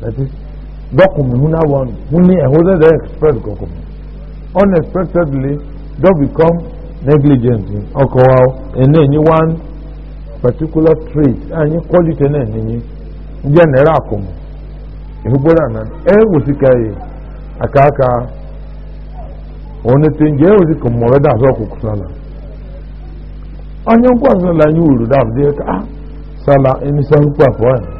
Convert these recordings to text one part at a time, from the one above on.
that is document huna one huni ehuze they express kokum unexpectedly don become negligent in okowa ene ni one particular trait anyị quality na enyi nje nera akum ehugbora na ewusikaye aka aka wani tin je ewusika mmọrọ da azọ ọkụkụ onye nkwazila anyị uru ka afọ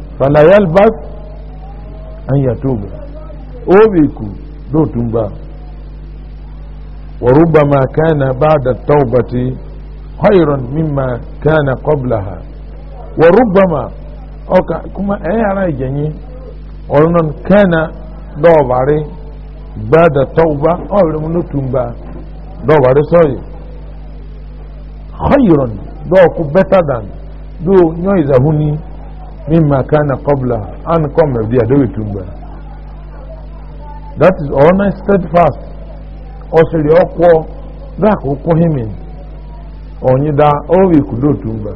falayal bat an yatubu obiku dotun ba وربما كان بعد التوبة خيرا مما كان قبلها وربما أوكا كما أي على جني ولن كان دوباري بعد التوبة أو لم نتوبة دوباري سوي خيرا دوكو better than دو نيوزا هوني mimma kana kobla an come of dia dewe tumba that is honor steadfast osiri okwo that okwo himi onyi da owi kudo tumba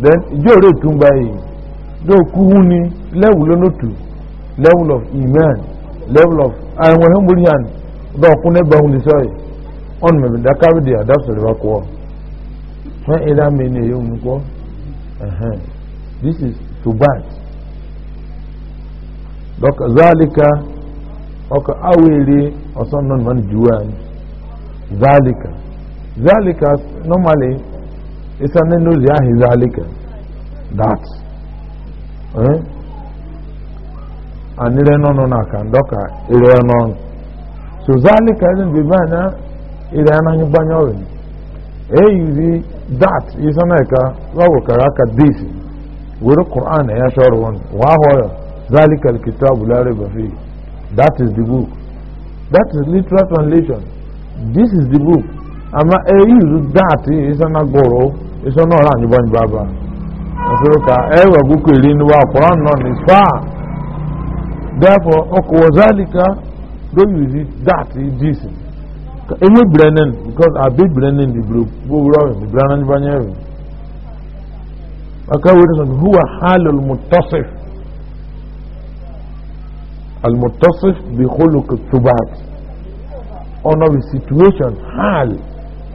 then jore tumba yi do kuhuni level onotu level of iman level of awon hemurian do kune gbahu ni soyi on me da kawo dia da sori ba ko fa ila mene yo nko ehem This is subat. Donc, zalika, ok awili, ọsọ non man juan. Zalika. Zalika, normally, it's an enuziahi zalika. That. Eh? And ile nono naka, ndoka, ah, ile nono. So zalika anya bibana, ile ananyibanyo wini. Eh, you zi that, isoneka, wawo aka disi. were Quran ya shọrọ wọn wa ahọrọ zalikal kitabu la reba that is the book that is literal translation this is the book ama eyizu dat isana gboro isana ọra anyigba nyigba ba ọsọrọ ka ẹwà boko eri ni wa Quran nọ ni therefore ọkọ wọ zalika don use it that this eme brennan because abe brennan di bro gbogbo ọrọ ìbrannan nyigba nyigba. أكون هو حال المتصف المتصف بخلق الثبات أنا بسيتويشن حال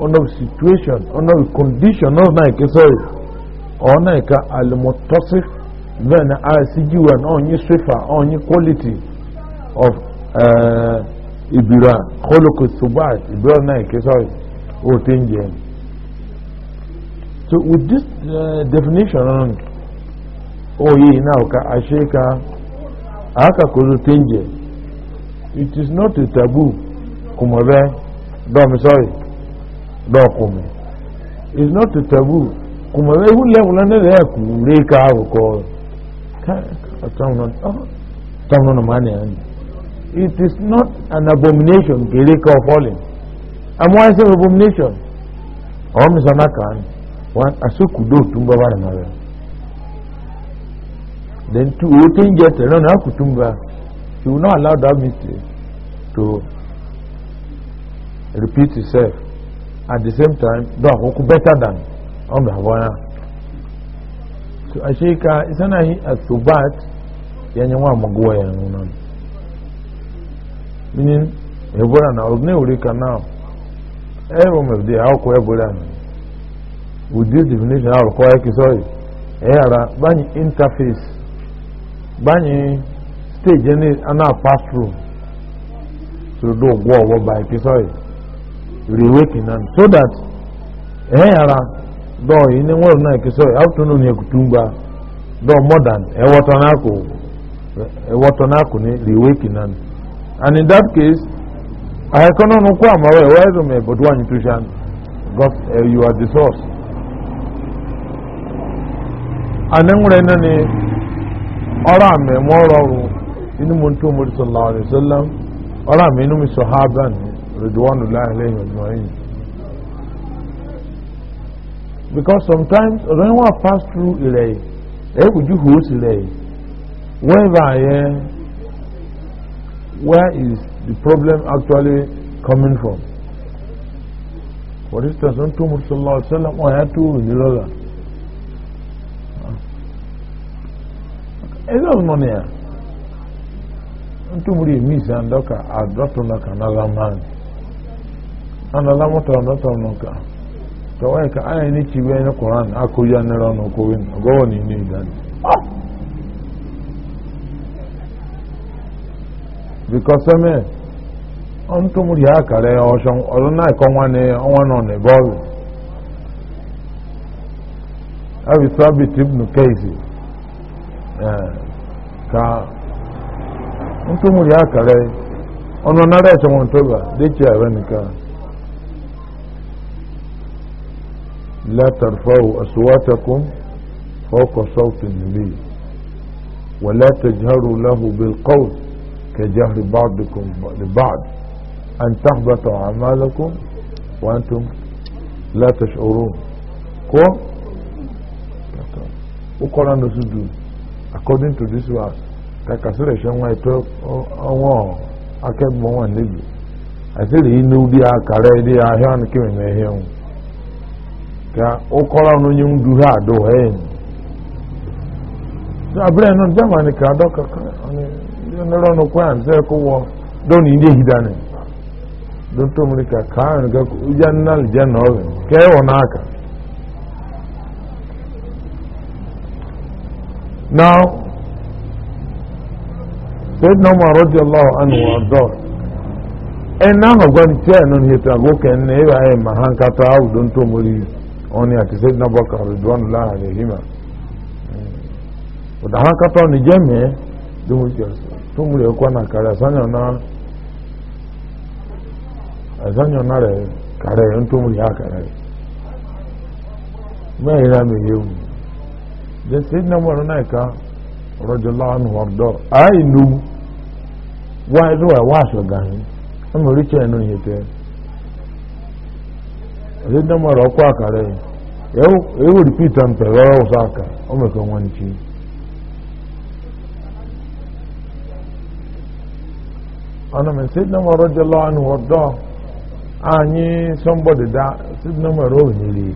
أنا بسيتويشن أنا بكونديشن أنا كسر أنا كالمتصف then asiji wan onye sifa onye quality of uh, ibira khuluq thubat ibira na ke sorry o tenje so with this uh, definition oyi now ka asheka aka kuzu tinje it is not a taboo kumobe dom sorry dokume it is not a taboo kumobe ihu lewula ne ya kure ka ahu ko tamno na mani ani it is not an abomination kere ka falling amwa is an abomination or misanaka ani asoko do otumba na mawe then two o ten get a run out kutumba he will not allow that mistake to repeat itself at the same time do akoko better than on the àwọn so asheka isanahi asubat yanyi nwa amagowa ya nuna meaning ebora na ọdún ewúrẹ kan náà ẹ wọ́n mọ̀ ẹ́ bọ́ra with this definition a require kisori eyara banyi interface banyi stage ẹni ana pass through to do gbọ ọwọ by kisori rewaking am so that eyara dọọ yìí ni wọn náà kisori afternoon yẹ kutumba dọọ modern ẹwọtọ náà kò ẹwọtọ náà kò ní rewaking and in that case àyẹ̀kọ́ náà nù kó àmọ́ ẹ̀wọ́ ẹ̀dùnmẹ̀ bọ̀dọ̀ wà ní tuṣan because uh, you are the source. anangure na ne ọrọ àmì mọ rọrù inú mu tó Allah sọ̀lá ọ̀rẹ́ sọ́lá ọrọ àmì inú mi sọ ha because sometimes ọ̀rọ̀ yẹn pass through ilẹ̀ yìí ẹ̀ kò ju hùwù sí ilẹ̀ yìí where is the problem actually coming from. for instance wọ́n tó mọ̀rí sọ̀lá ọ̀rẹ́ sọ́lá wọ́n yà tó òyìnbó lọ́la. ezo mmụọ ya ntumuri emisa ndoka adọtụla ka n'ala mmanụ anala mụta ọdọtọ n'ụka tọwa ka anyị n'echiwe onye koran akụja nere ọnụ na ọgọwọ na ine ịga because ah! eme ntumuri akara ya ọsọ ọrụ na-akọ nwanne ọnwa nọ n'ebe ọrụ abi sabit ibn kaisi ان تمو يا كاري انو نادا چون تو ديچي اون كا لا ترفعوا اصواتكم فوق صوت النبي ولا تجهروا له بالقول كجهر بعضكم لبعض ان تحبطوا اعمالكم وانتم لا تشعرون كو وكرانو سجود. according to this verse kakasịrị ehwe nwa eto ọnwa akemgbe ọnwa n'ebi asịrị inu di ya kara akara ya ahịa ọnụ na ihe ka ụkọrọ onye ndu ha ha enyi abịrị nọ dama ni ka adọ kaka ọnụrụ ọnụ kwa nze kụwọ ka ka ka Now, Sayyidina Umar radiyallahu anhu warḍah ẹnna ahọ̀gbọ́n tí ẹ̀ nínú ìhètò àgókè ní ẹ̀rọ ayé mahankata àwùjọ tó mórí ọ̀nì àti Sayyidina Bakar ridwanu lára rẹ̀ yìí mà ọ̀dà hankata ọ̀nì jẹ́mìí tó mórí ẹ̀kọ́ náà kárẹ̀ àsányàn náà àsányàn náà rẹ̀ then sayyidina umar na ka radiyallahu anhu wardo nu wa do wa so gan am ri che no ni te sayyidina umar ko akare yo o me ko won chi ana men sayyidina umar radiyallahu anhu wardo anyi somebody da sayyidina o ni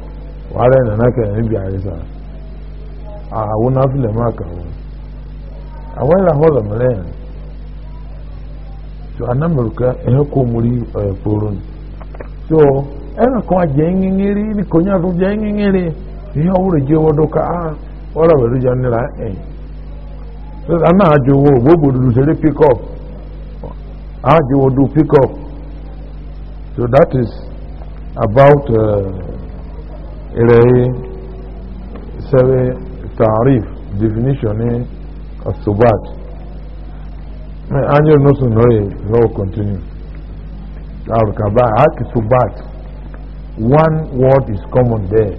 wàhálà ẹ̀ nàná kẹ̀ níbi àrísà àwọn náfìlẹ̀ máa kà wọ́n àwọn ẹ̀rọ àwọn ọ̀dọ̀ yẹn tó anamọ̀rùkà ẹ̀hẹ́ kò múrí ọ̀yẹ̀ kóró ni tó ẹ̀rọ kan àjẹ́ ńgíngírí ní kònyà tó jẹ́ ńgíngírí ìyá òwúrọ̀ jẹ́ ká jẹ́ nílá tó gbogbo sẹ́lẹ̀ so that is about. Uh, إليه سوي تعريف definition الثبات من أنجل نص نوي هو continue الكباء هاك ثبات one word is common there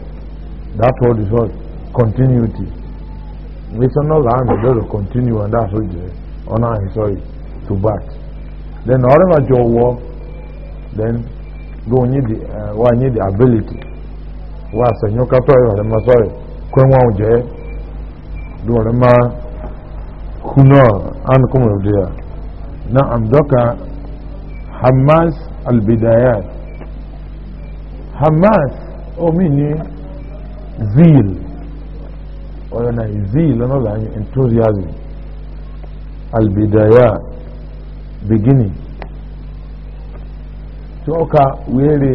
that word is what continuity it's another hand that will continue and that's what it is on our sorry ثبات then however your work then go need the, uh, need the ability wa sanyo kato yi wale maso yi kwen wa je du wale ma kuno an kuma udiya na amdoka hamas albidayat hamas o mi ni o oyo na zil ono la enthusiasm albidayat beginning to ó ka wéèrè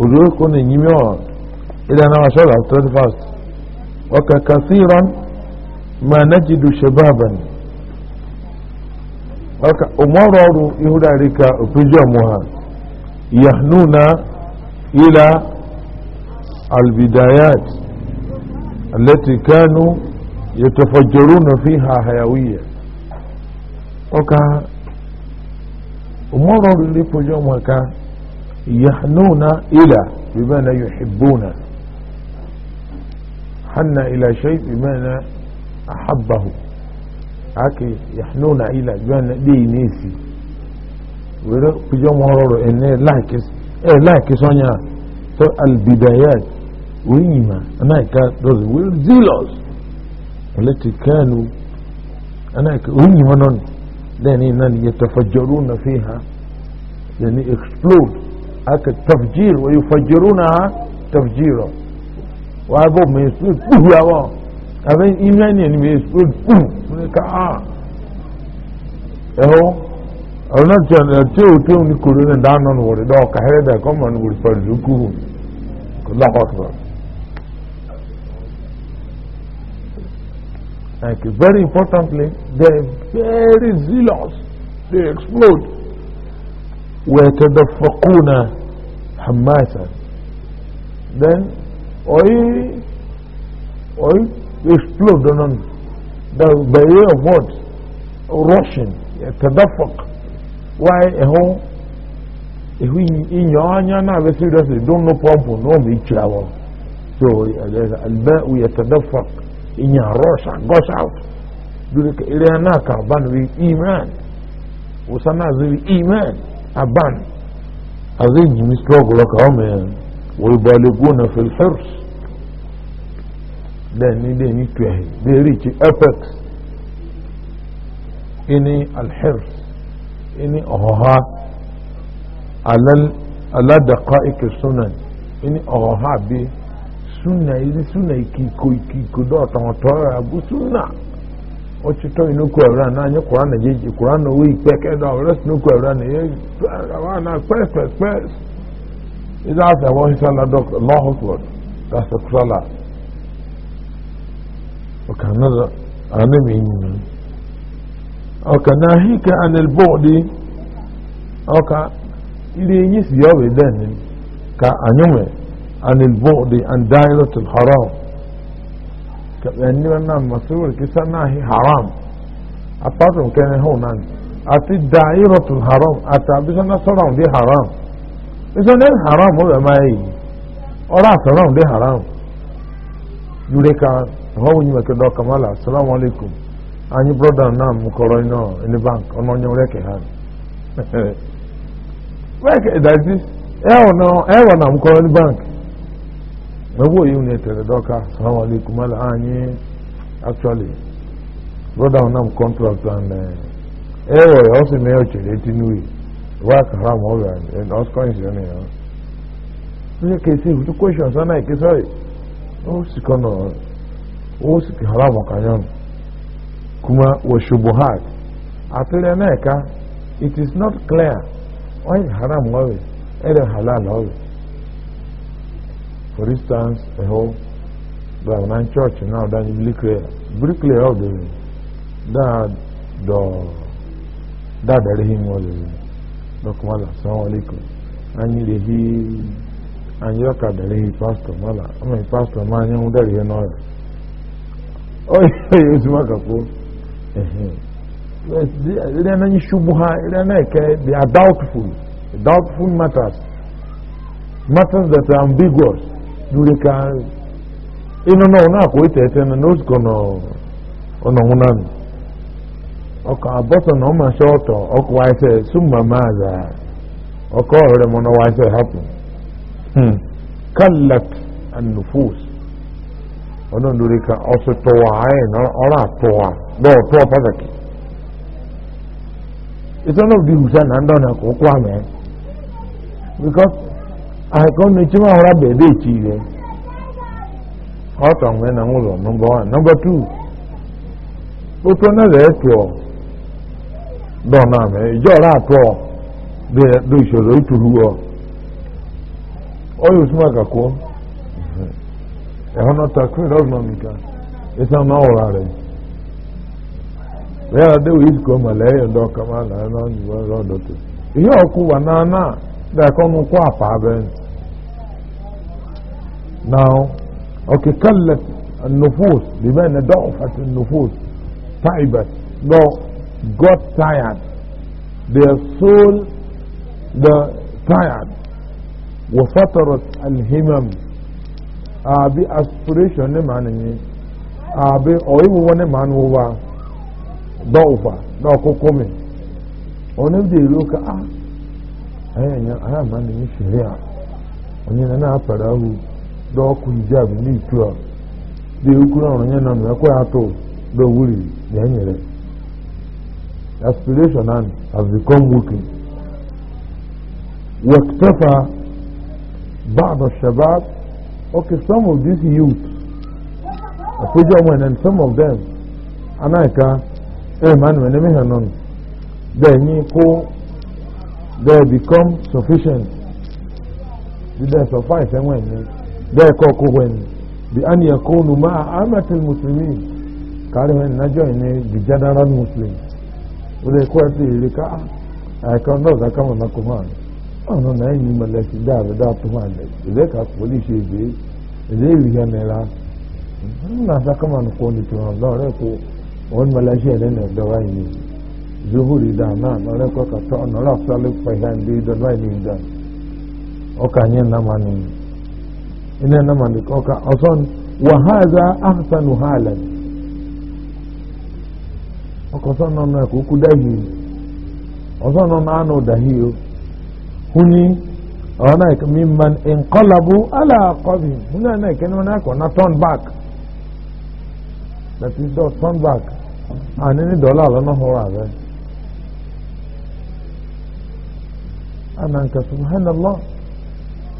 وجوهكم يميون إلى أن أشهد على الثلاثة فاس وككثيرا ما نجد شبابا وكا أمرار إهدى لك أفجامها يهنون إلى البدايات التي كانوا يتفجرون فيها حيوية وكا أمرار إهدى لك أفجامها يحنون إلى بمعنى يحبون حن إلى شيء بمعنى أحبه عكي يحنون إلى بمعنى دي نيسي ورق في جمع هرورو إنه لاكس إيه لاكس وانيا تو البدايات ويما أنا كان those were التي كانوا أنا وإيما نون لأن يتفجرون فيها يعني explode haka tafjir wa yufajjiruna tafjira wa bo me su ku ya wa abin imani ne a eho ona chan che utu ni kuru Thank you. Very importantly, they're very zealous. They explode. ويتدفقون حماسا then oil oil explode on The way of what rushing يتدفق why a home if we in your na we seriously don't know pump no me travel so الماء يتدفق in your rush and goes out دولك إلينا كعبان بالإيمان وصنع ذو الإيمان تعبان هذين مستوغ لك هم ويبالغون في الحرص لأن لأن يتوهي بيريك أبكس إني الحرس إني أهوها على على دقائق السنن إني أهوها بي سنة إذا سنة كيكو كيكو دوتا وطوها أبو سنة ochito inuku ebra na anyi kura na jeji kura na owo ikpe keda o rest na ye awa na pes pes pes ida asa wa hisa la dok na da ane mi na hika an al bu'di o ka ya ka anyume an al and an ẹnìmẹ́nà masuwir kìsà kisa hi haram apart from kẹ́ni hó nan haram dàírọ̀tù haram na abisana di haram bisana haram ó bẹ̀ máa yìí di haram yúre ká ọ̀hún onye kamala asalaamu alaikum anyi broda na mú kọ́rọ́ bank ọ̀nà ọ̀nyẹ́ wọ́n ha bank. mgbe oyi na tere dọka salamu alaikum mala anyị actually brother unam contract and ewe eh, e ya ọsị ochere etinye uyi wa kara ma ọbịa and ọsọ insulin ya onye ka esi ebutu questions ọ na-eke sọrị o sikọ nọ o sikọ hara maka ya kuma wa shubuhat atịrị na it is not clear onye haram ọbịa ere halal ọbịa For instance, a whole black da, man church now that is clear. Very clear of the that da, the that da, that him was the Kumala, Salaam alaikum. And he and you look at the lady pastor Mala. I mean pastor man you that you know. Oh it's Makapo. They are not shubuha, they are doubtful. Doubtful matters. Matters that are ambiguous. dure ka ịnọ na ọ na-akụ ite ete na n'ozuko na ọnọnwụ na nụ ọka abọsọ na ọma sọ ọtọ ọkụ waịsị summa maaza ọka ọrịa mụ na waịsị hapụ hmm. kallat annufus ọdọ dure ka ọsọ tọwa na ọrụ atụwa na ọtọọ pataki ịsọ na obi wusa na ndị ọ na-akụ ụkwụ amị ahịkọ na echi ma hụrụ abịa ebe echi ọ nwee na nwụlọ nọmba wan nọmba tu otu onye na-ere dọ na amị ije ọrụ atụọ dị isoro ituru ọ ọya osuma kakwuo ẹ̀họ́n náà ta kúrẹ́ lọ́gbọ̀n mi kan ẹ̀sán náà wọ̀ra rẹ̀ lẹ́yìn داكم قواف عبين ناو اوكي كلت النفوس بمعنى ضعفت النفوس تعبت no got tired their soul the tired وفترت الهمم ابي aspiration ne معنى ابي اوي ونه معنى هو ضعفة ضعف قومي ونبدي لك اه ẹ̀yìn ara máa ní ìṣeré à onye na apara ahụ dọọkụ hijab n'itu a dị ukwu ọrụ onye nọ n'ekwe atụ dọwuri na enyere aspiration and have become working واكتفى بعض الشباب Ok some of these youths أفجأ من some of them أنا كا إيه من من مهنون they become sufficient did they suffice and when they koko when bi anya yakunu ma amatil muslimin kare when na join the general muslim o de ko ti le ka i kan oh, no da kama na kuma ono na ni malaki da da to ma le le ka police be le wi ya ne la na da kama ko ni to Allah re ko on malaysia ne da wai ni zuhuri da na nọrọ kwa ka tọ nọrọ afọlọ kwa ihe ndị ido nwa ili ido ọka nye na mani ina na ọka ọsọ wa haza ahsanu halan ọka ọsọ nọ na kuku dahi ọsọ nọ na anụ dahi o huni ọ na ike mimman inqalabu ala aqabi huni na ike na akọ na turn back that is the turn back and ah, any dollar lọ na hụrụ abịa ananka subhanallah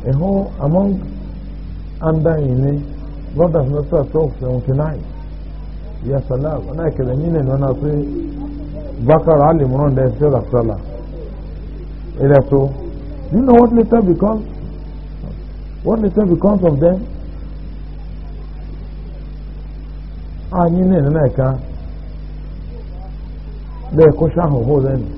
eho among andaini brothers na sa to so tonight ya salam ana ke da nyine no na pe bakar ali mon da se da sala ila to you know what later becomes what later becomes of them a nyine na ka da ko shahu ho then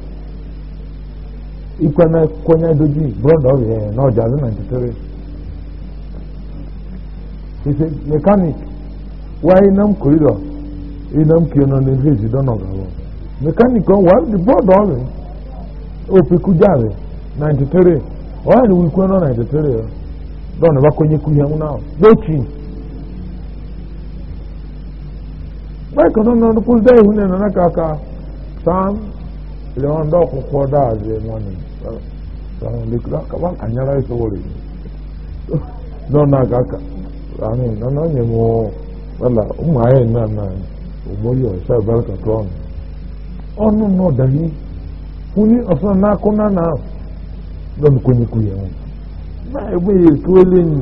ikú ẹ̀mẹ́ kọ́nyá dojú brọ́dọ̀ rẹ̀ náà ọjà ọdún ninety three he say mechanic wáyé nam corridor inam kí ọ̀nà ní fèsì dọ́nà gàwọ́ mechanic kan wà ní brọ́dọ̀ rẹ̀ òpèkújà rẹ̀ ninety three wáyé ni ikú ẹ̀nà ninety three rẹ̀ dọ́nà bá kọ́nyé kú yẹn náà lóòtù báyìí kan náà ló kó dẹ́yìn nínú náà kàkà sáà. leon dɔw ko kɔdaa ze నీకు కావాలి కన్యడా ఇసుకోడు నాకు అక్క రాని నన్ను మేము na మాయ అన్న ఉమ్మడి సార్ బెల కట్టుకోను అవును నో డీ కుని అసలు na ebe ya etu ele nyi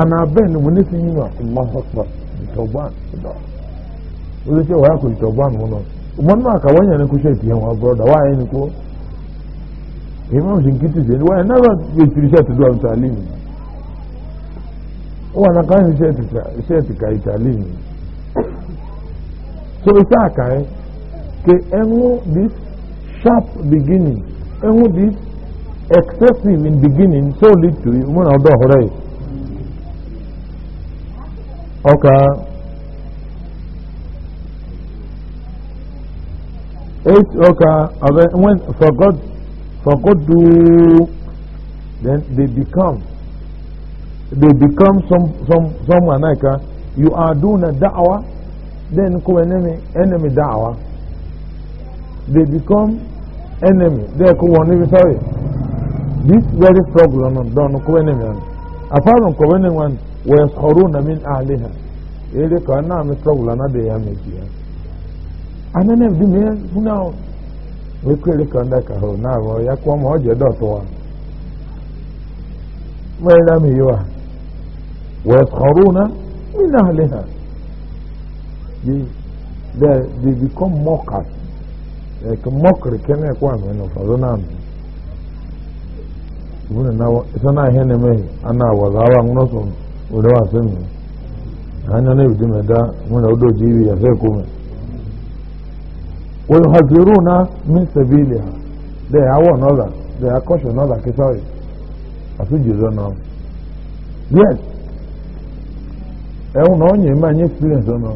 ana ben mo ne fi yin allah akbar toban da na ka wanya ne imam shinkiti ce wani na ba ya tiri sha ta zuwa talimi wani kan sha ta kai talimi so isa kai ke enwu this sharp beginning enwu this excessive in beginning so lead to it mun ọdọ ọhụrụ yi eight ọka when for god فقدوا then they become they become some some some anaka you are doing a da'wah then come enemy enemy da'wah they become enemy they come one even sorry this very problem don't come enemy one apart from come anyone ويسخرون من أهلها إليك أنا na problem أنا دي أمي فيها أنا نبدي من هنا n'ikwere ka ndị ka hụrụ na-abụ ya kwụọ ma ọ ji ede ọtụwa na m iwu a wee kọrọ na nna ahụle ha they they become mockers na mockery na mi na sana na me ana wazawa ngono so ule wa semi hanya ne bidimeda mwana ya ويحذرون من سبيلها they are one another they are caution another okay sorry àti jùlọ yes nye experience ọ̀nà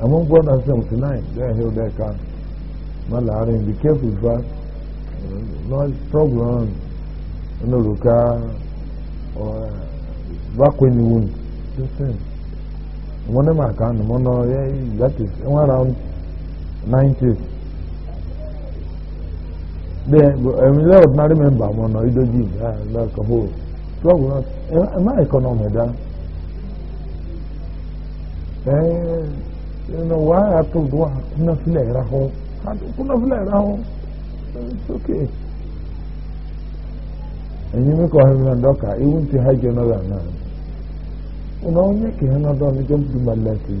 among brothers and sisters tonight they are here they can ma láàrin be careful fa no struggle on ẹnu òrùka bákò wound just saying ọmọ náà mà one round. 90s then èmi lẹ́yìn ordinary member mo nà ìdójì ìgbà lẹ́kọ̀ọ́ bó twelve months ẹ má economy dá ẹ ẹ wàá àtúndò wà kúnà fílẹ̀ ìrà hó kúnà fílẹ̀ ìrà hó it's okay ẹ̀yin mi kọ́ ẹ̀mí náà dọ́kà ewu ti hajj náà rà náà ọ̀nà ọ̀nyẹ́kẹ̀ẹ́ náà dọ́ ni jọ́mpù dùmọ̀ lẹ́sìn.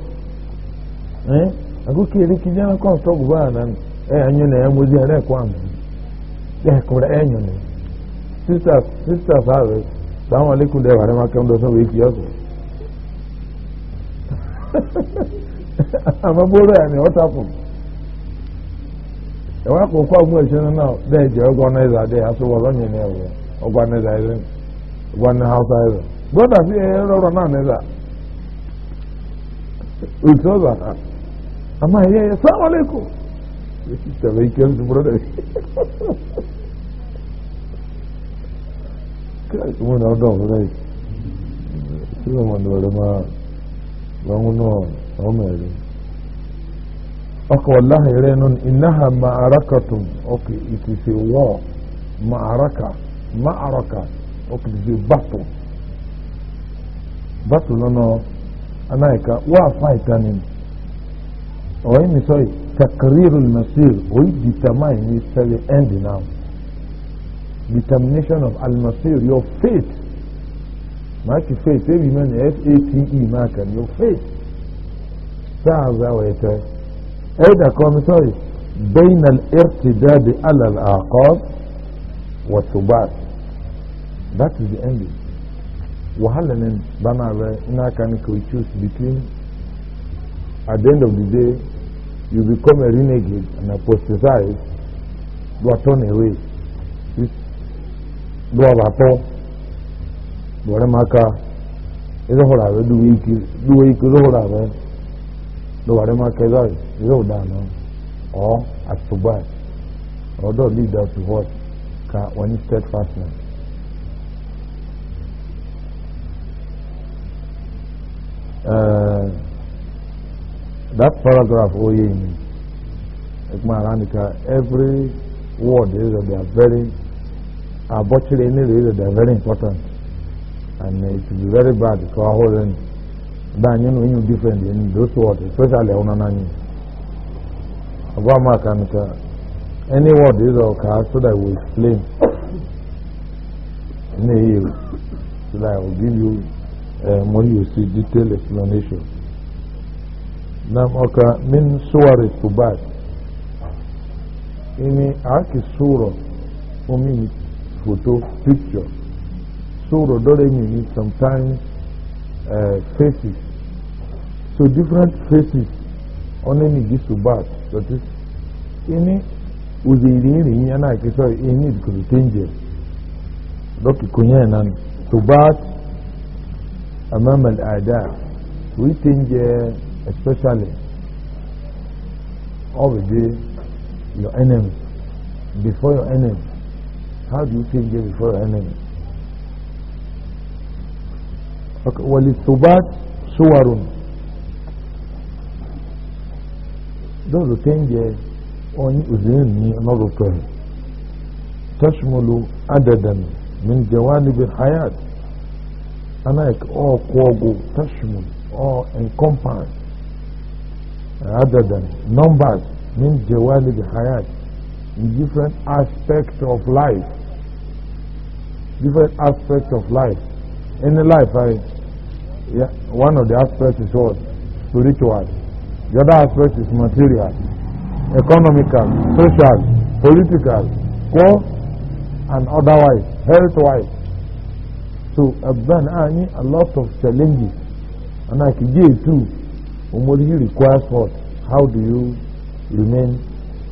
agụkọ eri kije na kọntụ ọgwụgwọ na anyị na ya mozi ara ekwa enyo sisters sisters ahụ sàwọn alekun dẹ wàrẹ maka ndọ sọwọ ekuyọ sọ àmọ bóró yà ni ọta fún ẹwà àkókò àwọn ẹsẹ náà dẹ jẹ ọgọnẹza dẹ asọwọ lọnyẹnẹ ẹwọ ọgọnẹza ẹrẹ ọgọnẹ hausa ẹrẹ gbọdọ sí ẹ na amma ya yi assalamu alaikum ya ci kyan kai kuma na wani wani ma renon inaha ma'arakatun it is a war ma'araka ma'araka it is a battle battle fight وين سوري تقرير المصير وي determine is the end now determination of المصير your fate معك fate ايه بمعنى f a t e ما كان your fate ساعة زاويته ايه كومي سوري بين الارتداد على الاعقاب والثبات that is the ending وهلا بمعنى هناك we choose between at the end of the day, you become a renegade and apostatize, you are turned away. This Dwavato, Dwaremaka, Izohorawe, Duwiki, Duwiki, Zohorawe, Dwaremaka, Izoi, Izodano, or Atubai. Or don't lead us to what? Ka, one steadfastness. Uh, That paragraph Oyin, oh, Ekmaranika, every word is that they are very, butchered in they are very important. And it will be very bad for our whole Then you know, you different in those words, especially Onanani. Obama Kanika, any word is okay, so that we explain. So that I will give you uh, more you see detailed explanation. نعم min من صور Ini إني أكي umi ومين photo picture صورة دولة mean sometimes eh, faces so different faces on any disubat that is ini uzirini yana kisa ini kutenje doki kunyana subat amama al-a'da kuitenje especially all the your enemy before your enemy how do you think you before your enemy okay وللثبات صور those things there oni uzini another prayer تشمل عددا من جوانب الحياه هناك او كوغو تشمل in encompass than numbers من جوانب الحياة in different aspects of life different aspects of life in life I, yeah, one of the aspects is what spiritual the other aspect is material economical social political or and otherwise health wise so abban a lot of challenges and I can give too you require what? How do you remain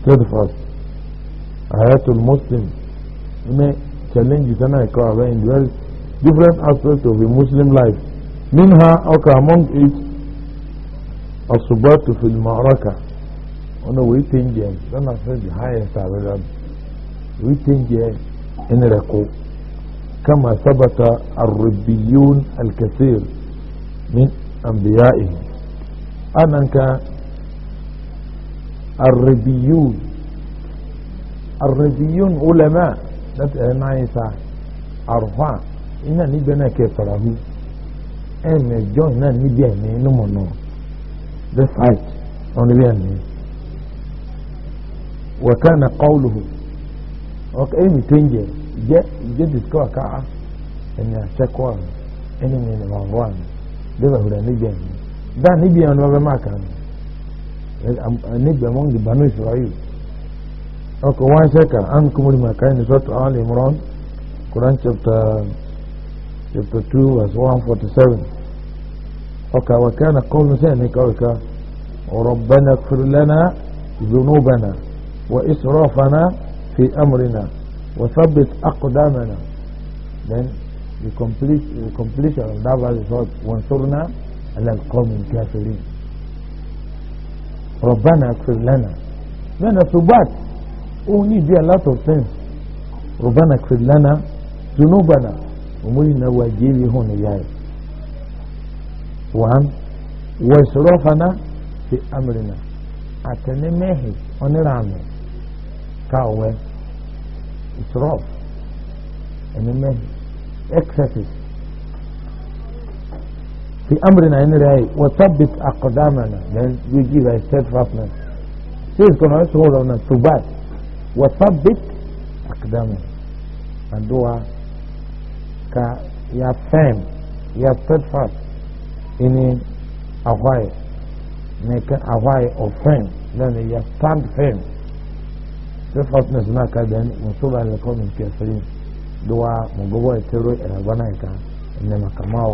steadfast? Ayatul Muslim. You may challenge it and I call in very different aspects of a Muslim life. Minha, okay, among it, Asubatu fil maraka. On the way, change it. Then I said, the highest level. We change it in the record. Kama sabata al-Rabbiyun al-Kathir min anbiya'ihim. أنك الربيون الربيون علماء نعيسى أرفع إنا نبنا كفره أنا جون نا نبينا نمنا the fight ونبينا وكان قوله وكأي تنجي جاء جد سكوا كعا إن شكوا إن من الغوان ده هو نبينا da níbi àwọn ọmọ máa kàn níbi àwọn ìbànú ìṣòwáyò ọkọ̀ wọn ṣẹ́kà án kúmùrì màkà ní sọ́tọ̀ àwọn ìmọ̀ràn Quran chapter chapter two verse 147 forty seven ọkọ̀ àwọn kan náà kọ́ ló sẹ́yìn ní kọ́wéka ọ̀rọ̀ bẹ́nà fúrilẹ́nà ìdùnnúbẹ̀nà then the complete the completion of that verse is what wọ́n sọ̀rọ̀ náà. على القوم الكافرين ربنا اغفر لنا لنا ثبات اوني دي lot of things ربنا اغفر لنا ذنوبنا ومولنا واجيلي هون جاي وان واسرافنا في امرنا اتنمهي ونرامي كاوه اسراف انمهي اكسسس في أمرنا إن رأي وثبت أقدامنا then we give a steadfastness this is going to hold on us to back وثبت أقدامنا and dua ka ya firm ya steadfast in a why make a why of firm then ya stand firm steadfastness na ka then musuba lakum kafirin dua mugogo etero era bana ka ne makamao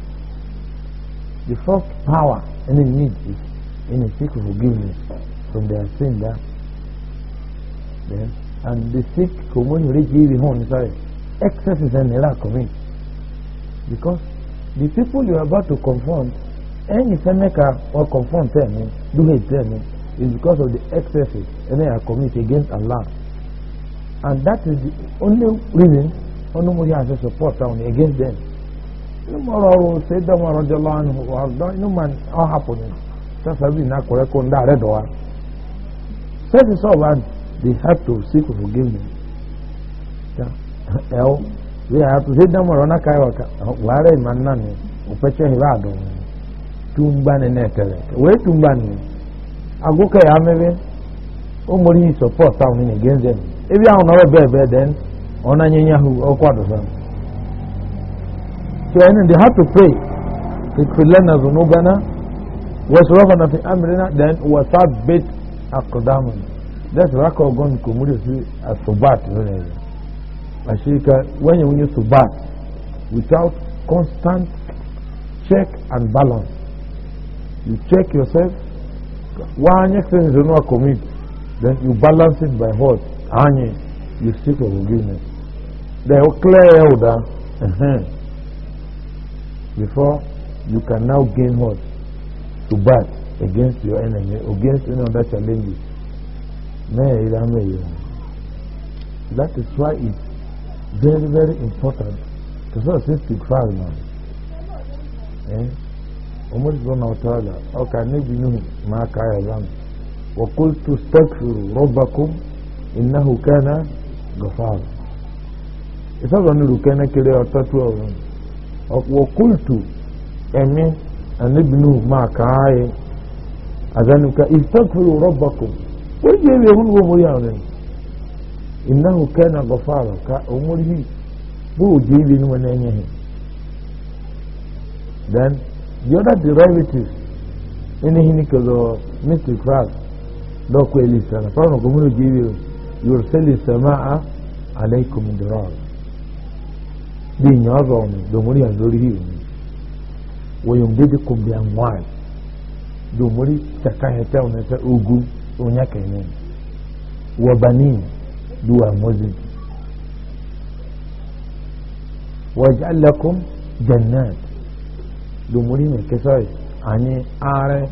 the first power any need is any seek forgiveness from their sin that yeah. and the sick commun the hon sorry excesses and error commit because the people you are about to confront any seneca or confront them eh, do hate them eh, is because of the excesses and they are commit against Allah and that is the only reason only has to support against them ịmụrụ ọrụ se dọma rọjọlọ anụ ọdọ ịnụma ọ hapụrụ sasabi na akụrịkụ ndị arị dọwa seti sọba they had to seek forgiveness ẹwọ we have to se dọma rọ n'aka ẹwọ ka wàhálà ìmà nna ni òpẹchẹ ìbá àdùn tùmbà na n'ẹtẹrẹ wee tùmbà ni agụkọ ya mebe o mori support ahụ ni against them ebi ahụ na ọ bẹẹ bẹẹ then ọ na-enye ya hụ ọkwa dọsa. and they have to pray. اغفر لنا ذنوبنا واسرفنا في امرنا then وثبت اقدامنا that's raka ogon ko muri su asubat ne ashika when you use subat without constant check and balance you check yourself one exercise you not commit then you balance it by what Any you seek for forgiveness they will clear out that before you can now gain what? To bat against your enemy, against any other challenges. That is why it's very, very important to sort of say istighfar now. Eh? Umar subhanahu wa ta'ala, أو know, ابنه ما كان وقلت استغفروا ربكم إنه كان غفارا. Ìsọ̀rọ̀ ni Rukẹ́ ní kiri ọ̀tọ́ tó وقلت أني أن ابن ما كاي أذنك استغفروا ربكم وجب يهون ومريان إنه كان غفارا كأمره بو جيب ونينه then the other derivatives إنه نكذا مثل فاس دوكو إليسانا فانا قمنا جيب يرسل السماء عليكم درار bí nyɔɔba wɔn domori yɛn lórí yìí wɔn wɔyɔn bɛ di kumbi anwaai domori saka hɛtɛ wɔn ɛsɛ ogu onya kɛnyɛ wɔbani duwa mɔzi wɔjalakom jannat domori yɛn kɛsɛ anyi aare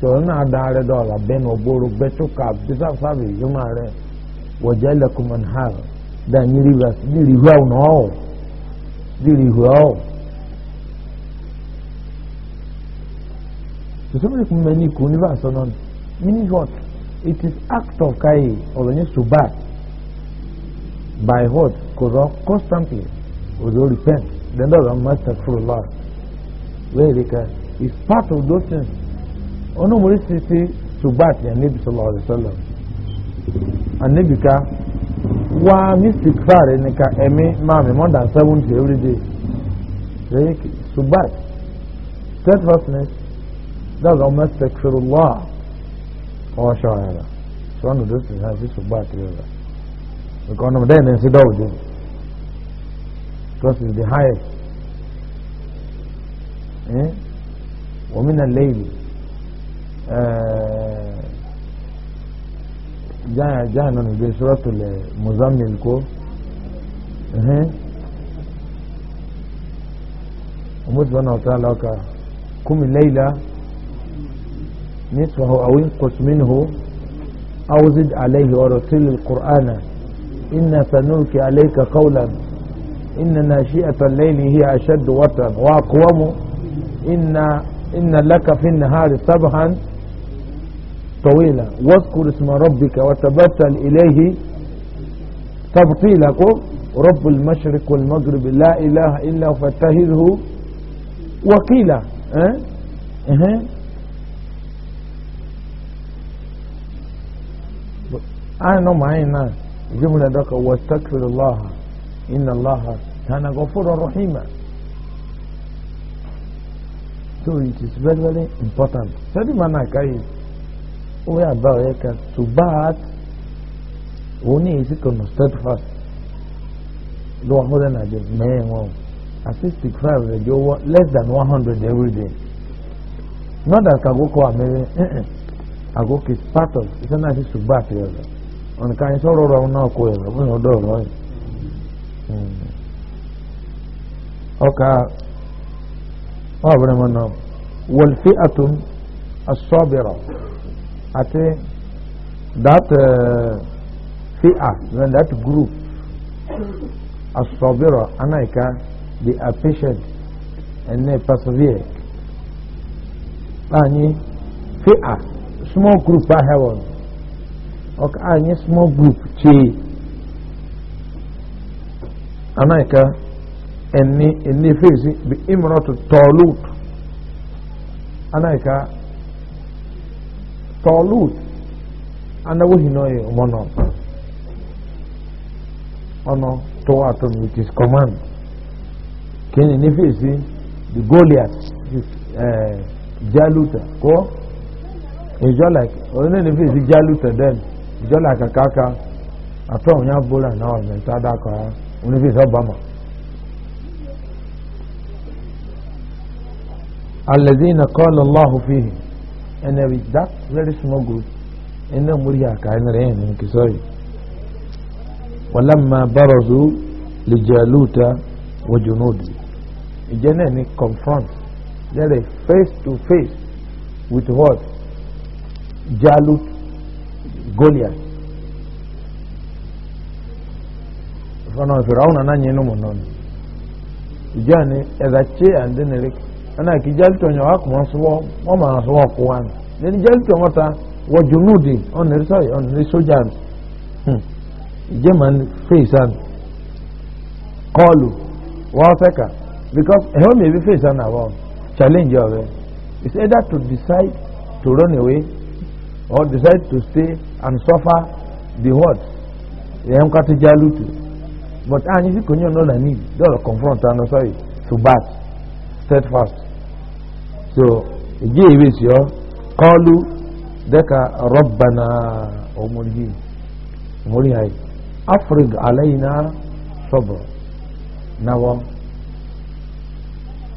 sɔrɔ naa daare dɔɔ la bɛn o booro bɛtu kaa bisa fabi yumaare wɔjalakom anhaar da nyiri ba nyiri hwaw nɔɔ. really well. So somebody from many universe or not, meaning what? It is act of kai or needs to bat by what? Constantly, or they repent. Then that's a master for Allah. Where they can, it's part of those things. Oh Ono Murisi to bat the Nabi Sallallahu Alaihi Wasallam. And Nabi wa mistikrari ni ka ẹ̀mí máa mi more than seventy every day lẹ́yìn kì ṣùgbọ́n steadfastness that's almost sexual law ọ̀ṣọ́ so ṣùgbọ́n ọ̀dọ́ sì náà sí ṣùgbọ́n àti ẹ̀rọ because ọ̀nà dẹ́yìn ní sí dọ́wọ́ jẹ́ because it's the highest wọ́n and nà lẹ́yìn. جهنم بين سورة المزمل كو اهي ومد سبحانه وتعالى قم الليلة نصفه أو انقص منه أو زد عليه ورتل القرآن إنا سنلقي عليك قولا إن ناشئة الليل هي أشد وطرا وأقوم إن إن لك في النهار سبحا طويلة واذكر اسم ربك وتبتل إليه تبطيلكم رب المشرق والمغرب لا إله إلا فاتهذه وكيلا أه؟ أه؟ أنا معينا جملة دقة واستكفر الله إن الله كان غفورا رحيما So it is very very important. Sadi mana kai ó yà bá ọ̀rẹ́ kan ṣùgbọ́n òun ní èsì kan steadfast ló wà hundred and just mẹ́rin wọn àti six five rẹ̀ jẹ́ owó less than one every day not that kagoko amẹ́rẹ́ agoke is part of iṣẹ́ náà ṣe ṣùgbọ́n àti ẹ̀rọ ọ̀nìkà yẹn sọ̀rọ̀ ọ̀rọ̀ ọ̀hún náà kó ẹ̀rọ fún ọ̀dọ̀ ọ̀rọ̀ yìí ọkà wọ́n At that uh, fi'ah, when that group, as-sabira, anaika, they are patient and they persevere. Any fi'ah, small group I have Okay, any small group, chi, anaika, and they face the to talut, anaika, طالوت أنا وهنا منا أنا طاعة which is command كان نفسي the Goliath uh, Jaluta ko like, onye nefesi Jaluta den a kaka atọ onye abụla na ọnyị nta adakọ ha onye Obama الذين قال الله فيهم and there is that very small group inna muriyaka ina rayin in kisoyi walamma barazu li jaluta wa junudi ijana ni confront are face to face with what jalut goliath fana firauna nanyi numu noni ijani ezache andenere ana ki jalto nyo hak mon suwo mo ma suwo ko wan den jalto mata wa junudi on ne sai on ne sojan hmm jeman feisan qalu wa faka because he may be feisan awo challenge of it is either to decide to run away or decide to stay and suffer the what yẹn kati jalutu but anyi si konyo no la need dọlọ confront ano sorry bat steadfast so eji ewe si ọ kọlu dịka rọbana omurihi omuri anyị afrig alaina sọbọ nawọ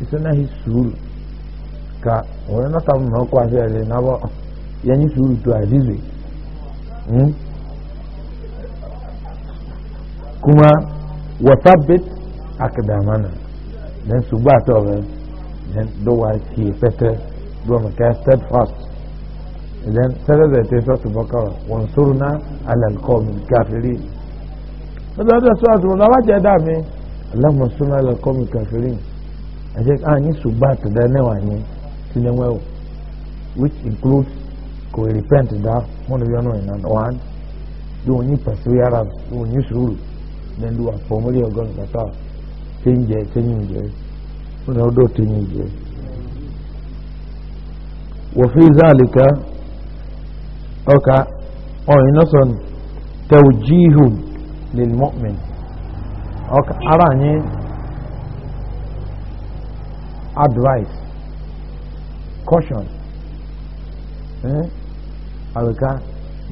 isi naghị suru ka onye nọta m na ọkụ ahịa ele nawọ ya nye suru tu azizwe kuma wasabit akadamana dan su ba atọ ọbara then do what he uh, better do and cast steadfast and then Saturday the talk to Bakara wansurna ala alqawm alkafirin so that that's what we love that that me Allah wansurna ala alqawm alkafirin I said ah ni subat da ne wa ni tinewe which includes to repent That one of you know in and one do when you perseverance do when you rule then do a formula of God that change change وفي ذلك أوكا أو نصن توجيه للمؤمن أوكا أراني ادفايس كوشن أوكا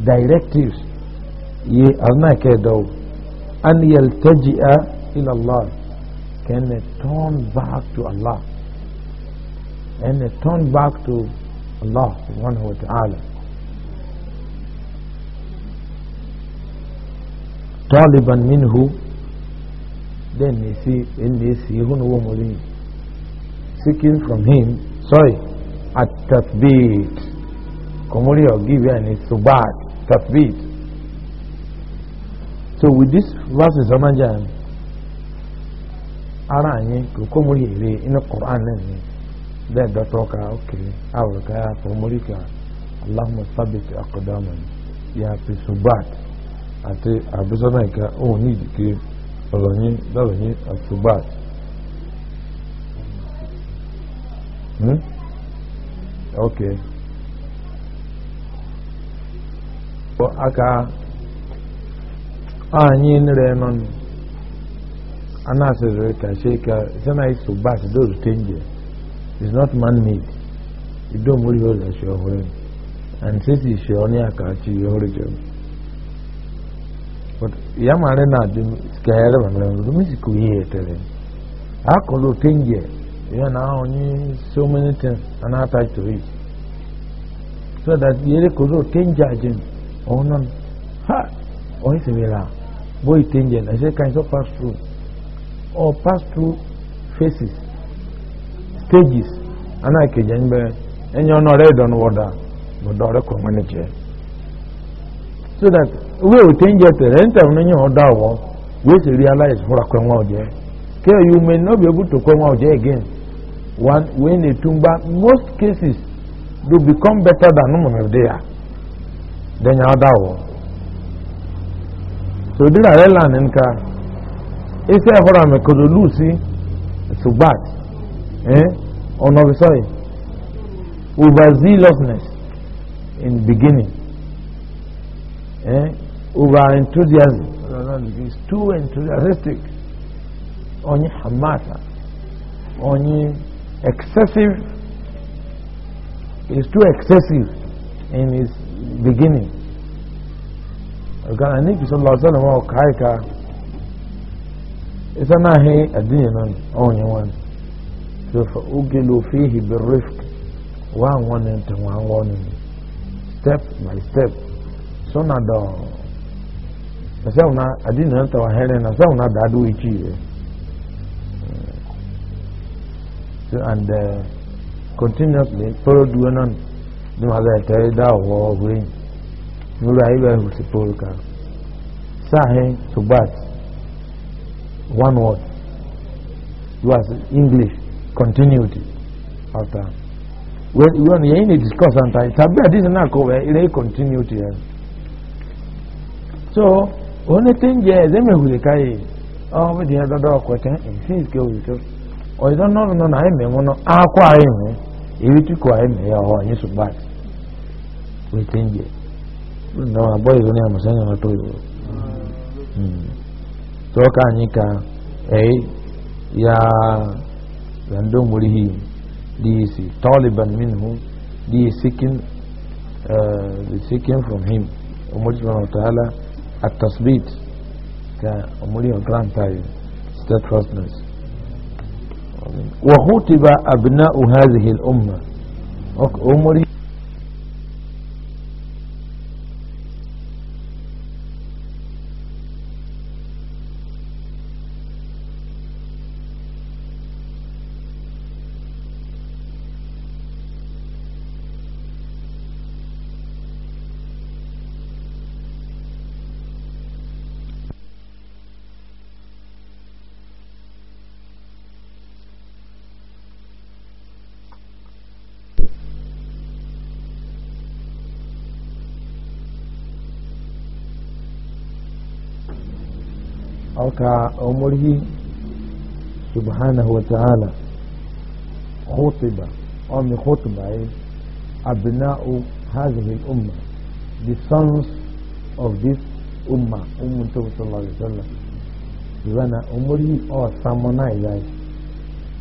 directives يي أرناك دو أن يلتجئ إلى الله can they turn back to Allah and they turn back to Allah the One Who is ta'ala Taliban minhu then they see in this even woman seeking from him So, at tathbeet kumuri or give you any subat tathbeet so with this verse of Zamanjaya ara anyị ka okomori ere ina qur'an nan ne da da toka oke awu ka komori ka allahumma thabbit aqdamana ya fi subat ati abisana ka o ni dike ọlọnyi lọlọnyi asubat hmm okay o aka anyị nire nọ nụ anasirri kashika sana to basi those things? It's not man-made don't ido muri your shohwen and sisi shohoni akachi yohoricho but yamare na a man, bangre dumi siku hiye tere akolo change you know only so many things and attached to it so that yere kuzo change oh no, ha oisivira boy change and I say can so pass through or pass through phases stages ana keje mbe enye ono don woda bo do re ko manage so that we will change it and time no nyo da wo we realize hura ko nwa oje ke you may not be able to ko oje again when a tumba most cases they become better than normal they are then you so these car ese ẹ̀fọ́ra mi kò lù sí ṣùgbọ́n ¿eh? ọ̀nà fi sọ́yìn overzealousness in beginning eh? over enthusiasm It's too enthusiastic onye hamasa onye excessive is too excessive in his beginning ọ̀gá ní ìfisọ́lọ́sọ́lọ́mọ́ ọ̀ka ẹ̀ka. إذا ما هي الدين أون يوان سوف أجل فيه بالرفق وان وان انت وان وان step by step دا الدين انت يجي so and uh, continuously follow doing on no other tell that war right where one word was English continuity after when when you in discuss and I sabi this na ko we continuity eh. so only thing je ze me hule kai oh we dey do do ko ten in things ke we don no no na eme me akwa eme me e ti ko e me ya ho yin su we thing je no boy na to you mm tọ́ka anyị ka ẹ̀ ya yando murihi di si taliban minhu di seeking uh, seeking from him umar wa ta'ala at tasbit ka umuri wa grant tayo steadfastness وخطب أبناء هذه الأمة أمري عمره سبحانه وتعالى خطب أم خطب أبناء هذه الأمة the sons of this ummah الله عليه وسلم يبانا عمره أو or sermonize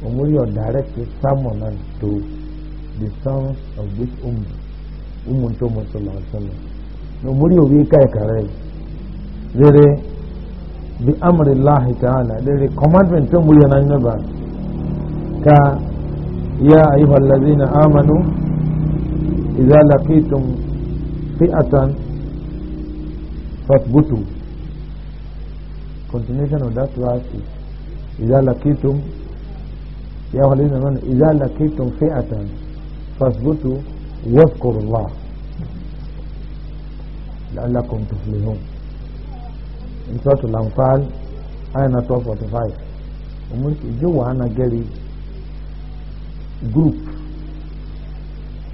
عمره أو دارك sermon to the sons of this ummah ummah sallallahu alaihi wasallam umuri obi kai kare zere bi amri Allah ta'ala da the commandment to mu yana ne ba ka ya ayyuhal ladzina amanu idza laqitum fi'atan continuation of that verse is idza laqitum ya ayyuhal الذين amanu idza laqitum fi'atan فاثبتوا واذكروا الله لعلكم تفلحون nítorí lànfààní àyànà twelve forty five òun ti jó wàhánà gẹ́rì group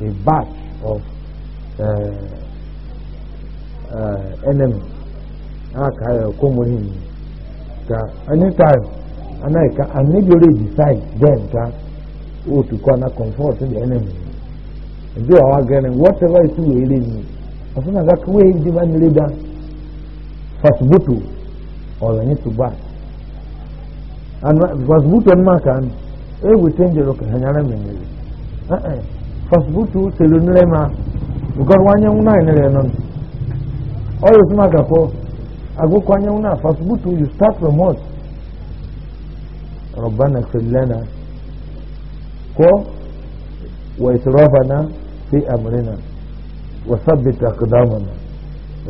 a batch of uh, uh, enemies náà ká ẹ̀ kó mo yìí ka anytime anáyíká anabi orí decide then ka ó tù kọ́ àná comfort the enemy ìjọ àwọn agẹrin whatever ìtúwèé lé ní ọ̀sán àgbà kí wọ́n èyí di bá fasbutu ọ̀rọ̀ yẹn tó bá fasbutu ẹ̀ máa kàn ẹ̀ wò tẹ́ ń jẹ̀rọ kẹ̀hẹ́nyàrá mẹ́rin ẹ̀ fasbutu sèlú nílẹ̀ máa bùkọ́ wọn yẹn wọn náà nílẹ̀ nọ ọ̀rọ̀ ga na you start from what ربنا اغفر لنا كو na في أمرنا وثبت أقدامنا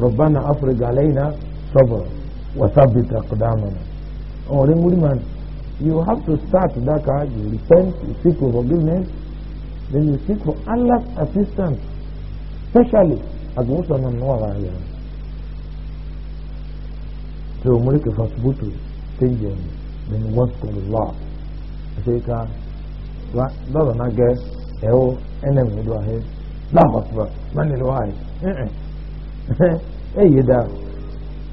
ربنا علينا sabr wa thabbit aqdamana oh you have to start daka you repent you seek for forgiveness then you seek for Allah's assistance especially as Musa man wa so mulki fasbutu to min wasqullah sai ka ba da na ga yau ene mu do ahe la wasba man ilwahi eh eh eh yida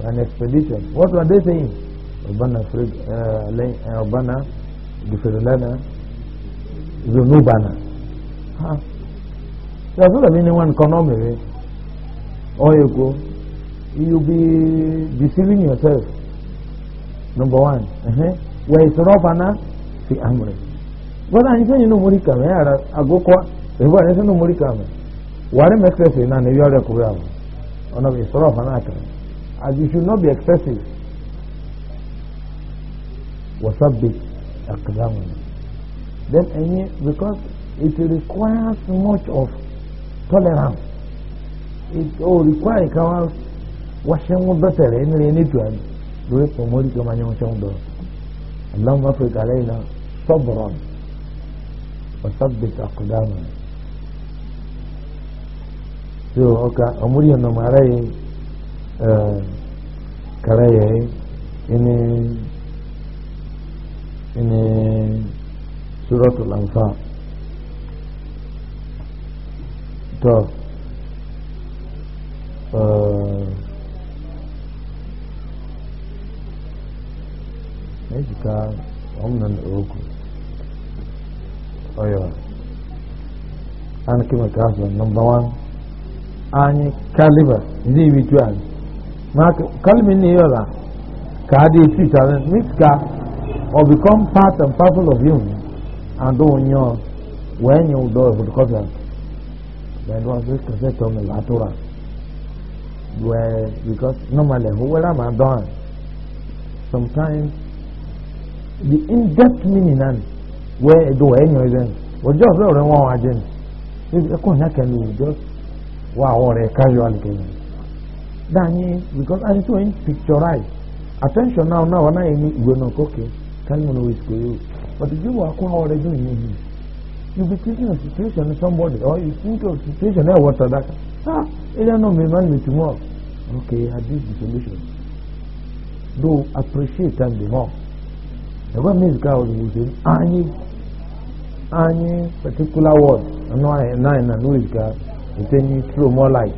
an expedition. What were they saying? ربنا افرج ربنا اغفر لنا ذنوبنا ها There is not anyone economy eh? or you go you be deceiving yourself number one uh-huh. waisrofana fi amri wala an sanye no muri kame yara eh? agokwa ebo eh, an sanye no muri kame ware mekese na ne yare kuwa ona And you should not be excessive وثبت أقدامنا then any because it requires much of tolerance it all requires kawal washamu basara in reni tuan dole pomori kama nyamu Allah do اللهم افرج علينا صبرا وثبت أقدامنا so oka omuri ono marayi uh, ya ini ini suratul anfa to uh, eh, ne jika omnan uku oh an iya. anak kasu number one an kaliber kaliba bijuan Mark Kalmin Niyola, Kadi Chicha, Mitka, or become part and parcel of you, and do your when you do it because then uh, that was this concept of Milatura. Where, because normally, who am I done? Sometimes the in depth meaning and where do any of them, was just the one agent. It's can do just wow, or a casual thing. danyi because and so in picturize attention now now wana yẹn ni ìwé náà kókè kánú ní orí ìsìkò yóò but ìdí wà kó àwọn ọ̀rẹ́ dùn yìí yìí you be thinking of situation of somebody or you think of situation ẹ̀ wọ́tọ̀ dá ah ilé náà mi máa ń mìtì mọ́ okay i did the solution though appreciate am the more ẹ̀gbọ́n mi ìsìkà ọ̀rẹ́ mi ṣe anyi anyi particular word ẹ̀ náà ẹ̀ náà ẹ̀ náà ló ìsìkà ìtẹ́yìn throw more light.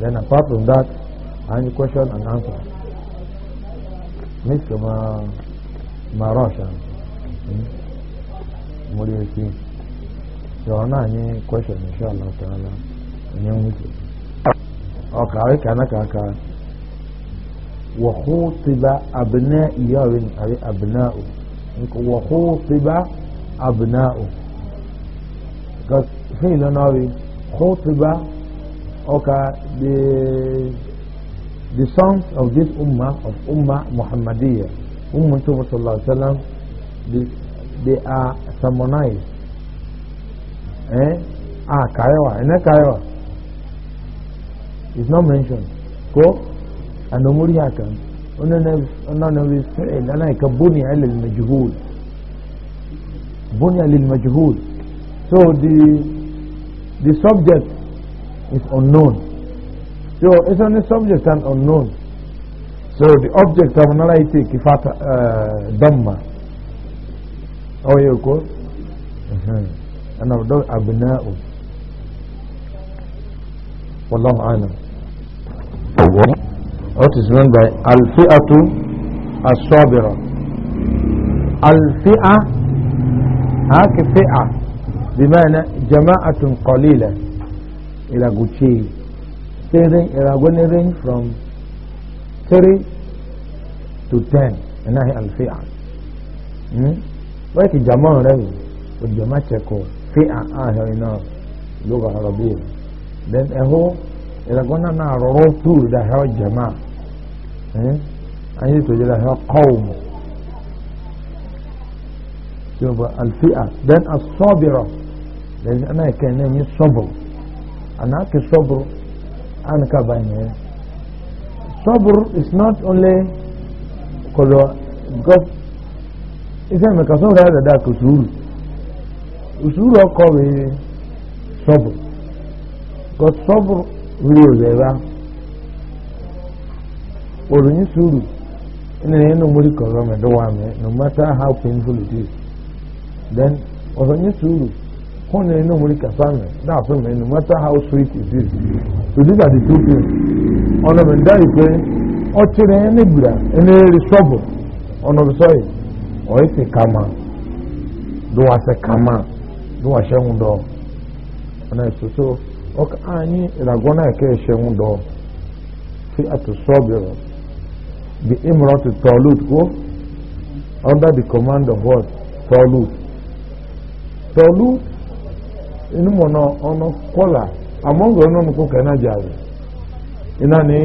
Then apart from that, any question and answer. Mr. Ma Marosha. Muriaki. Hmm? So on any question, inshallah ta'ala. Okay, I can aka وخوطب أبناء يارن أي أبناء وخوطب أبناء قد فعل ناري خوطب okay, the, the sons of this ummah, of ummah Muhammadiyah, Ummah Sallallahu Alaihi Wasallam, they, they are sermonized. Eh? Ah, Kayawa, and Kayawa. It's not mentioned. Go, and Umuri Hakan. أننا بالفعل أنا alil majhul. المجهول بني majhul. so the the subject is unknown. So it's only subject and unknown. So the object of analytic kifata uh, dhamma. How you call? And of those abina'u. Wallahu alam. What is meant by al-fi'atu as-sabira? Al-fi'a ha kifi'a bimana jama'atun قليلة Iraguchi. Saying Iragoni from 3 to 10. Inahi al-fi'a. Wait, Jamaa Rai. With Jamacheco. Fi'a ahia ina. Luga Arabiya. Then eho Iragona na rotu da hao Jamaa. Anyi tujila hao qawmu. Yoba al-fi'a. Then as-sabira. Then ana kene ni sabr. anaki sabr and kabanye sabr is not only kolo gof ife mẹka sọrọ ẹ dada kò sùúrù sùúrù ọkọ wẹ sabr kò sabr wíwò rẹwa òròyìn sùúrù ẹni ẹni ẹni mórí kọrọ mẹdọwà mẹ no matter how painful it is then òròyìn sùúrù. One day no money can sign it. That's what No matter how sweet it is. So these are the two things. Ọ̀nà mi dá ìpè ọ̀kyerè ẹni gbìrà ẹni rí sọ́bù ọ̀nà mi sọ̀yì ọ̀yẹ́ ti kàmá ló wà sẹ́ kàmá ló wà sẹ́ ń dọ̀ ọ̀nà ìsoso ọ̀ka ànyí ìràgọ́ náà kẹ́ dọ̀ fi àti sọ́bù rẹ̀ the emirate tolut kó under the command of what tolut tolut. inú mọ̀nà ọ̀nà kọ́là àmọ́ngọ̀ ọ̀nà nìkú kẹ́ náà Ina iná ní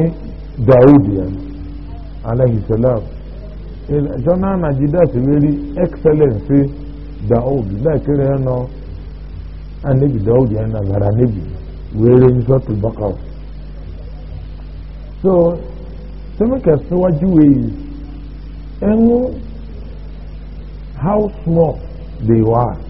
dàúdì ẹ̀ aláìsílám ìjọ́nà nàìjíríà sì lérí excellence dàúdì láìkéré ẹ̀ nọ ànẹ́bì dàúdì ẹ̀ nà gàrà ànẹ́bì wẹ́rẹ́ ní sọ́tù so sẹ́mìkà síwájú wẹ̀yì how small they were.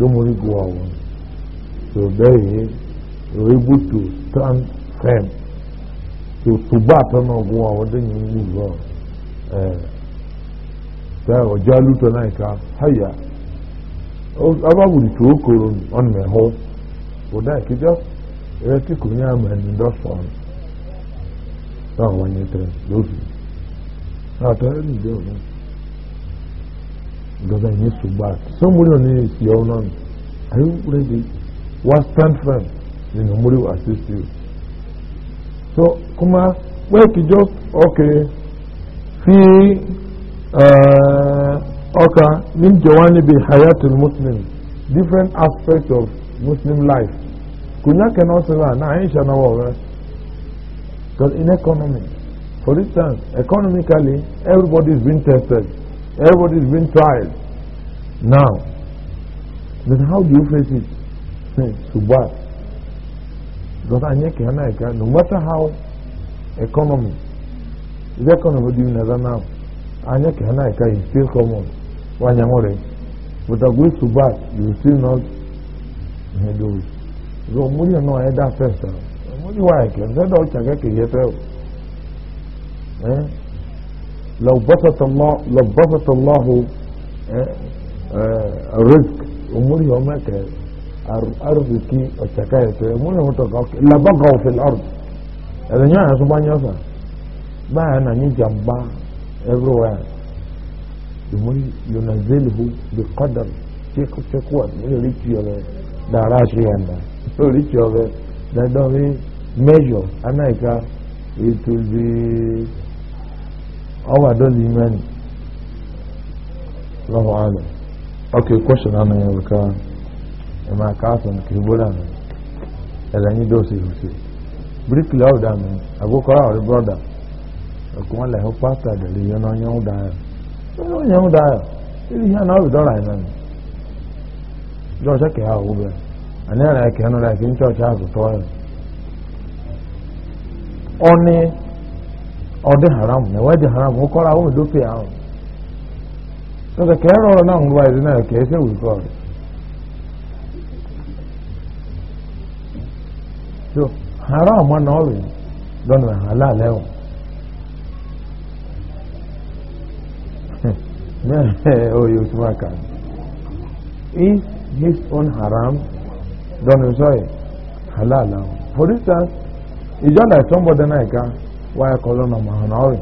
lómori gu àwọn tó bẹ́ẹ̀ able to stand firm tó tó bá àtọ́ náà gu àwọn tó yẹn ní ìlú ẹ̀ tẹ́ ọjà lùtọ̀ náà ká háyà abáwùrì tó kóró ọ̀nà ẹ̀họ́ ọ̀dà ìkẹjọ́ ẹ̀rẹ́ tí kò ní àmà ẹni dọ́sàn náà wọ́n yẹ tẹ̀ lófin náà tẹ́ ẹni because I need to back. Somebody on you is your own. Are you ready? What stand firm? Then somebody will assist you. So, Kuma, well, you just, okay, see, uh, okay, Nim Jawani bi Hayatul Muslim, different aspects of Muslim life. Kuna cannot say that, nah, I shall know Because in economy, for instance, economically, everybody is being tested. Everybody's been tried. Now, then how do you face it? Subhat. Because anyake anaika, no matter how economy, the economy do another now, anyake anaika is still come common. Wanyamore. But a with Subhat, you still not do it. So, Muri no That first. Muri wa ike, nzedo uchageke yepewo. Eh? لو بسط الله لو بسط الله آه، آه، الرزق امور يومك ارزقي وسكايت امور متقاك الا بقوا في الارض اذا نيا نعم، سبحان يسا ما انا نجنبا everywhere يمري ينزله بقدر شيخ الشكوى يريد يوم داراشي عندنا يريد يوم ده إيه measure انا it will be ọwọ́ àdọ́lì imẹ́ni lọ́wọ́ àlọ́ ok question náà yẹn wíkà ẹ̀ máa káàtó ní kìí bọ́dà mi ẹ̀lẹ́yìn dọ́sì ìrùsì bíríkìlì ọ̀dà mi àgókò ọ̀rẹ́ bọ́dà ẹ̀kún wọn lẹ́yìn pátá ìdẹ̀lẹ̀ yẹn náà yẹn ń dà yà yẹn yẹn ń dà yà ìlú yẹn náà ọ̀rẹ́ dọ́là yẹn náà dọ́ọ̀ṣẹ́ ọdẹ haram na wẹdi haram ó kọ́ra ó dópe àrùn lọ́sẹ̀ kẹ́rọ ọ̀rọ̀ náà ń wá ẹ̀dín náà kẹ́ ṣe wùkọ́ rẹ̀ so haram ọ̀nà ọ̀rẹ́ lọ́nà àhàlà lẹ́wọ̀n oyo tumaka is his own haram lọ́nà sọ́yẹ̀ halal ahun for instance ìjọ́nà ìtọ́nbọ̀dẹ́ náà ẹ̀ka waya kolo na ma na oi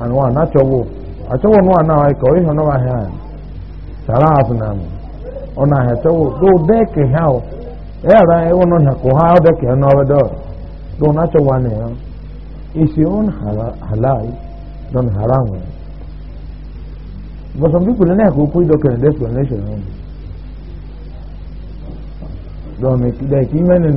an wa na chowo a chowo no na ai ko ho no wa ha sara afna mi ona he chowo do de ke ha o e ara e wono na ko ha o de ke no do do na chowo ne ha is your own halal don haram but some people na ko put do explanation don me ki da ki mene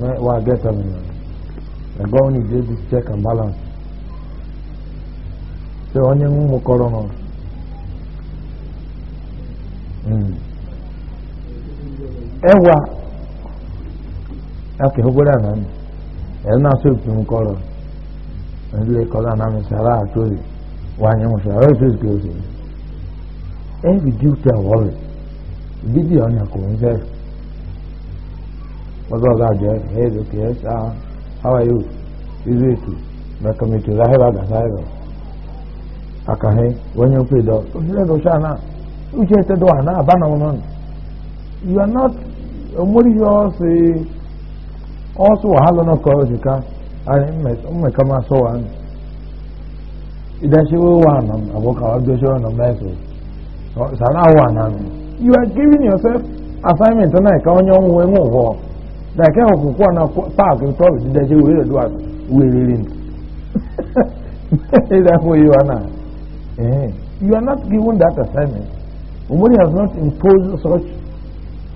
wa get them the government did dị check and balance so onye nwụmụ kọrọ nọ ẹwà akẹ́ ọgbẹ́rẹ́ ànámi ẹ̀ náà sọ ìpinnu kọrọ ẹ̀dílé kọrọ ànámi sàrà àtòrè wà ní wọn sàrà ọ̀rẹ́ tó sì kéré sí ẹ̀ ẹ̀ bìdí tẹ̀ wọ́ọ̀rẹ̀ bíbí ọ̀nà kò What's all that, Jack? Hey, yes, How are you? Is it you? Welcome to the Hiva Gasairo. Akahe, when you pay the Ushana, Ushana, Dohana, You are not, Omori, uh, you are say, also Halana Korojika, and and Meso. Sana Wanam. You are giving yourself assignment dàkẹ́ ọ̀kùnkùn na páàkì tọ́ọ̀lù ti dẹ́sẹ̀ wèrè you, Eh. You are not given that assignment. Umuri has not imposed such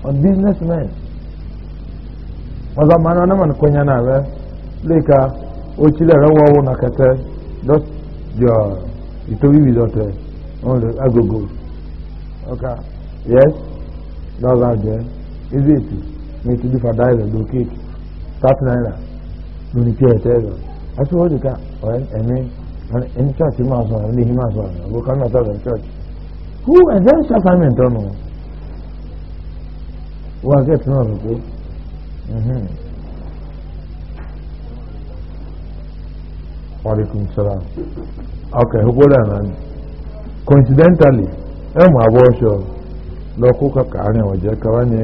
on businessmen. na kwenye ochile rawa kete, dot agogo. Okay. Yes? there. Is it? ní ìtújú fàdá ẹ̀rọ ló kéèkì thirty naira ló ní kí church máa sọ ẹni hí máa sọ ẹ̀rọ kan church who ẹ̀jẹ̀ ń sàfàmì tọ́nu wọ́n akẹ́tù náà rò pé wàlíkùn sọ̀rọ̀ ọkẹ́ ìhókòrò àná ni coincidentally ẹ̀ mọ̀ àbọ̀ ọ̀ṣọ́ lọ́kọ́ ni.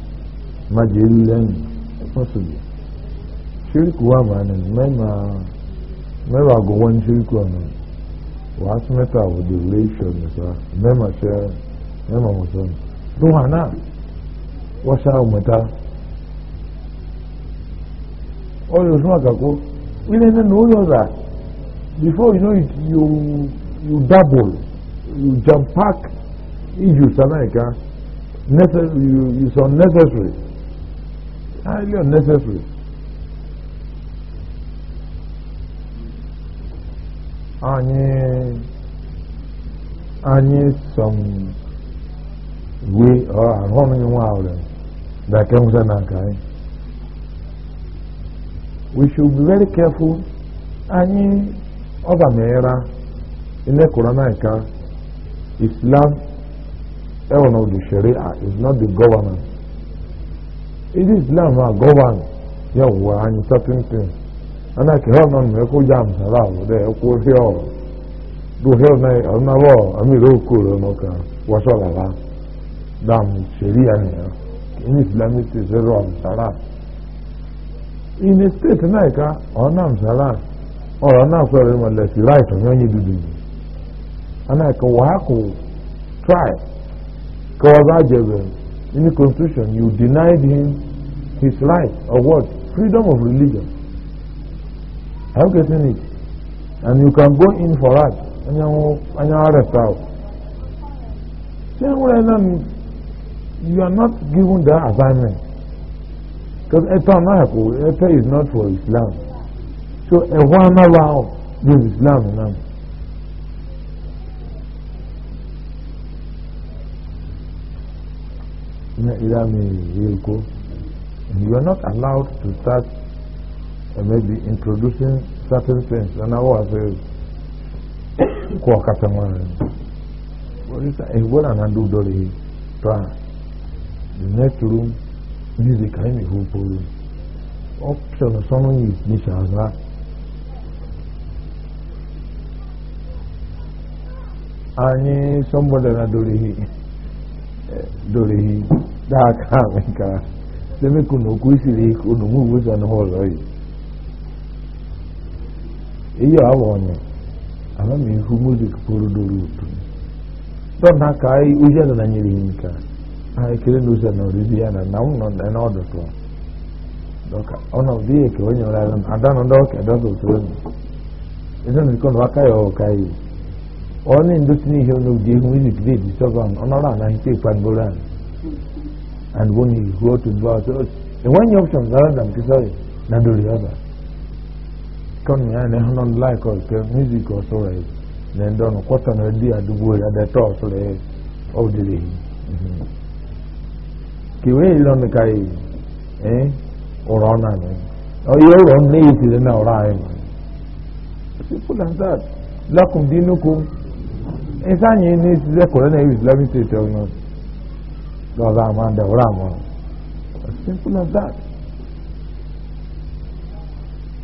majallan masoya shirku wa ma nan mema mema go wan shirku wa nan wa asmeta wa dilation sa mema sha mema musan duhana wa sha mata all you know kako ile na no yo that before you know it you you double you jump pack issues america necessary you, it's unnecessary highly unnecessary. Any, any some way or ahụ ọnụghị nwa ahụrụ na ke nwụsa na nka We should be very careful. Anyị ọba meera the kụrụ na nka Islam ewu na the sharia is not the government. ìdí islam àgọ́wàn ya wọ anyi certain things ana kì hẹ́ọ̀ náà mẹ́kọ́ já àmàlà àwòdẹ ẹ̀kọ́ rí ọ̀rọ̀ do hẹ́ọ̀ náà ọ̀nàwọ̀ àmì ìlú òkú rẹ̀ mọ̀ kàn wọ́ṣọ̀ làlá dààmú ṣèlú àníyàn in islamic state zero àmàlà in state náà ẹ̀ka ọ̀nà àmàlà ọ̀rọ̀ náà pẹ̀lú ìmọ̀lẹ́sì láìpẹ́ yọ̀nyí dúdú ana ẹ̀ka wa kò try kọ́ ọ in the constitution you denied him his right or what freedom of religion are you getting it and you can go in for that and you arrest out same way then you are not given that assignment because etan nahaku etan is not for islam so ewa nawa of this islam now. and you are not allowed to start uh, maybe introducing certain things and I was uh, What is that? walisa ehwana do doli pra the next room music haimi hupuru option Someone sono nishaza anyi somebody na do hii dori daka nka e deme kuno kwisiri kuno mu wuza no holo yi e iyo awonye ama mi hu music puru doru tu to na kai uja e na nyiri nka ai kire no uja no ribi ana na uno na na odo to doka ono die ke onyo na ọ̀nà ìdótìní ihe onóòdì ehun ìlú ìdílé ìdí na ọ̀nàrà àná ìpè and when he go to do out eh, so ìwọ́n yẹn option rather than kí sọ́ọ̀rì náà lórí ọ̀dà kọ́ni na àná ẹ̀hún náà láìkọ̀ ìpè music ọ̀sọ̀ rẹ̀ lẹ́ndọ̀nù kọ́tà náà di àdúgbò rẹ̀ adẹ́tọ̀ ọ̀sọ̀ rẹ̀ ọ̀dẹ̀rẹ̀ yìí kìwé ìlọ́nù káyé ọ̀rọ̀ náà ni ọ̀yẹ́ ọ̀rọ̀ ní ìtìlẹ̀ náà ọ̀rọ̀ àyẹ̀mọ̀ simple as that lakum dinukum ịsa anyị n'esize colonel islamic state ọnụ dọza amanda ụra amụrụ as simple as that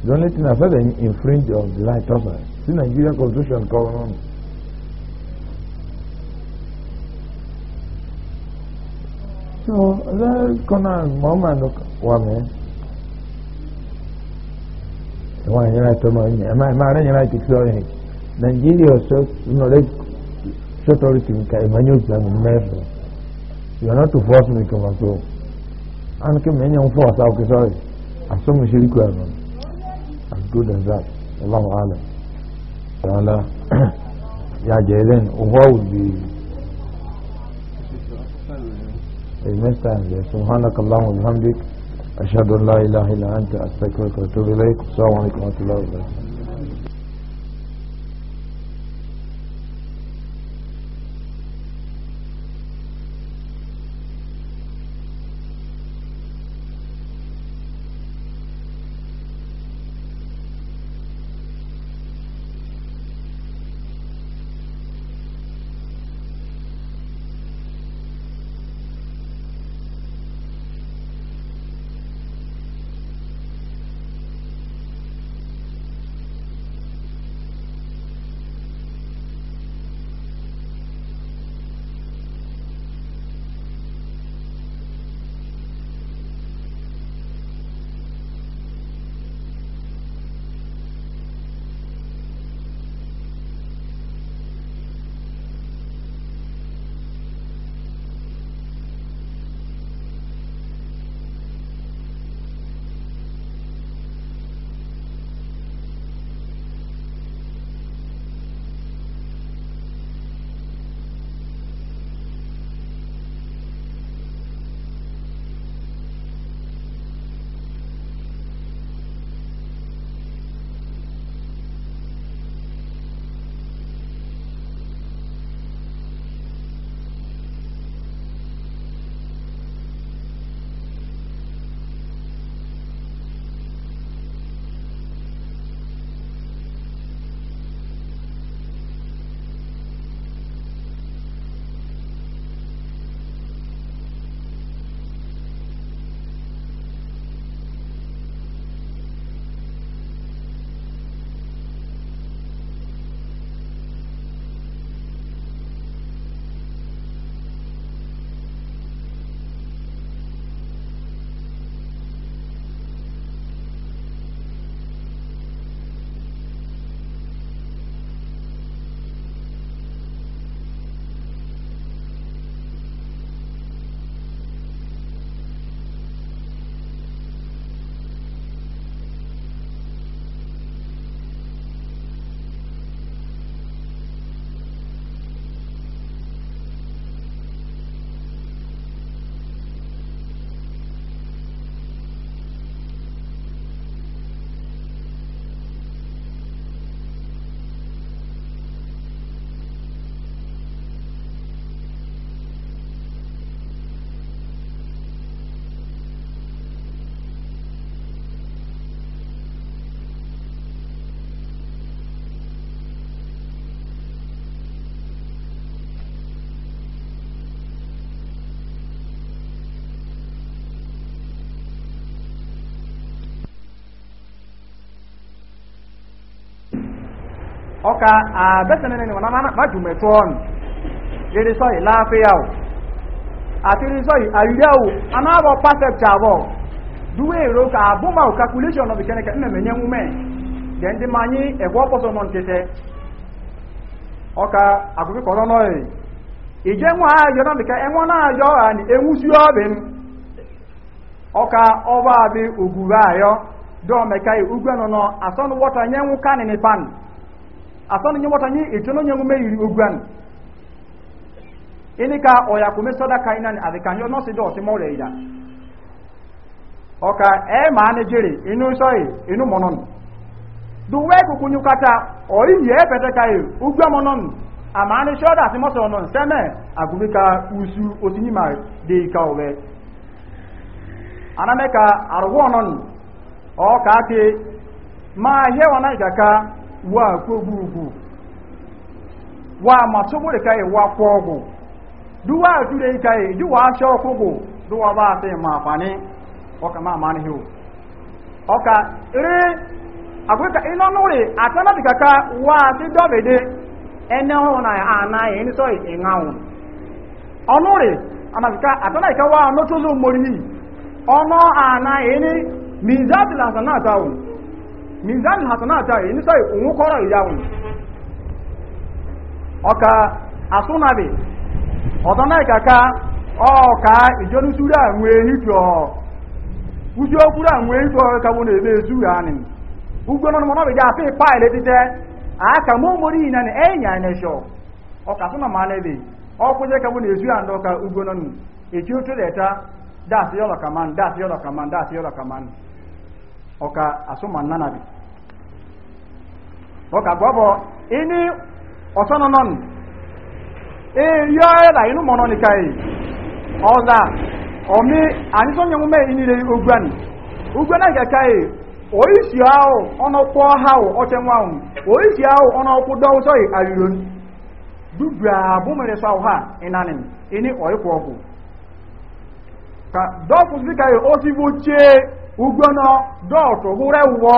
the only thing after the infringe of the light of us nigeria constitution kọrọ n'ọnụ so that the one. wame nwaanyị right ọnụ ẹ my ẹ you like to anyị kìkì Nigeria so you know they. authority nka emanyo sa no meso you are not to force me kama so an ke menye un force au ke sorry aso me shiri kwa no as good as that Allah alam taala ya jelen uwa would be Amen. سبحانك اللهم وبحمدك أشهد أن لا إله إلا أنت أستغفرك وأتوب إليك السلام عليكم ورحمة الله وبركاته ọka àbẹ́sẹ̀ nínú wọn má jùmọ̀ ẹ̀tọ́ ọ̀nù irisọ́ yìí láàfíà àti irisọ́ yìí àríyá ò anáwọ̀ perfect àbọ̀ duwe èrò ka àbúmọ̀ ò calculation of ìkẹ́nẹ̀kẹ́ mmẹ̀mẹ̀ nyẹ́ múmẹ̀ dẹ̀ ma nọ ọka náà ọka ọba asɔn nyɛ wɔtɔ nyi etu no nyɛ ŋu meyiri oguan inika ɔya kome sɔda kan na ni adika nyɛ ɔnɔsi dɛ ɔsi mɔwulɛ yira ɔka ɛɛ e maa ne jere inu sɔye inu mɔnɔn do wɛ kuku nyu kata ɔyi yɛ pɛtɛ ka ye ugbɛ mɔnɔn amaa ne sɔda ati mɔtɔ nɔ nsɛmɛ agumi usu otinyi ma de ka ɔbɛ anamɛ ka arugbɔ nɔ ɔka ke maa yɛ wɔn na yi kaka. wa ugwu. wa matsogbori kai wa kwogu duwa ajure kai duwa shokugu duwa ba sai ma fani oka ma mani hiu oka ire akwai ka ina nuri atana bi kaka wa ti dobede ene ho na ana yin so ingawo onuri anabika atana ka wa no tozo mori ono ana yin mizat la sanata wo mizan hasanat anyị nso onwe kọrọ ya nwụ ọka asụnabi ọdọnaika ka ọka ijonusuru a nwee hitọ uju okwuru a nwee hitọ ka bụ na-eme ezu ya anị ugbo nọ n'ọnọdụ ya afị paịl etite aka mụ mori yi na ni enya neshọ ọka asụna ma anabi ọkwụje ka na esu ya ndị ọka ugbo nọ nụ echi otu leta daasị yọrọ kaman daasị yọrọ kaman daasị yọrọ kaman ọka asụma nanabi ọkà gbọ́bọ̀ iní ọ̀sánanọ́nù e, èyọ́ ẹ̀rà inú mọ̀nà nìkà èyí ọ̀zà ọ̀mí àníṣọ́nyẹ̀múmẹ́ iníre ugbani ugbani kẹka èyí oríṣi ahụ ọnọkwụ ọhaụ ọchenwa ahụ ahụ ọnọkwụ dọ́wụsọ́yì àrìrò ahụ àbú sọ sáwọ́ ha ìnani iní ọ̀ríkwọ̀ ọkụ ka dọ́fù síkà ó húrẹ́wọ́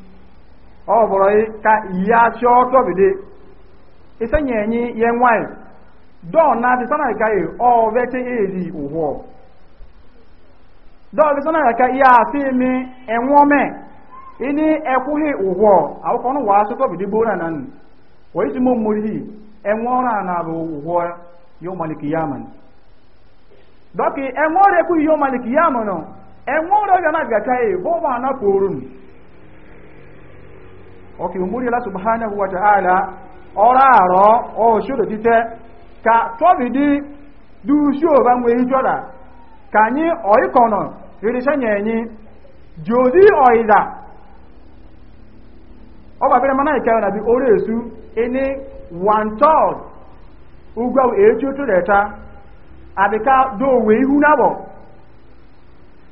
ọ bụrụ ka ya achị Tọbide isenye enyi ye nwanyị dọọ na adịsana ka ọ vete ezi ụhụ dọọ adịsana ka ya asị mi enwome ini ekwughị ụhụ akwụkwọ ọnụ wa asị tọbide gboo na nan wee isi mụ mmụrịhi enwe ọrụ na bụ ụhụ yọ maliki yaman dọki enwe ọrụ ekwughị yọ maliki yaman enwe ọrụ ọbịa na-abịa ka ị bụ ụmụ anapụ oru ọ̀fìmúrí subhanahu wa ta'ala ọ̀rọ̀ àrọ̀ ọ̀ṣọ́dọ̀ títẹ́ ka tọ́bìdí dúúṣí òbá nwé ijọ́ra ka anyị ọ̀ịkọ̀nà irisanya enyi ji ozi ọ̀ịda ọgbàbẹ̀rẹ̀ mana ìkẹrẹ nàbí orí ẹni tó rẹ̀ta àbíká dóòwé ihu náàbọ̀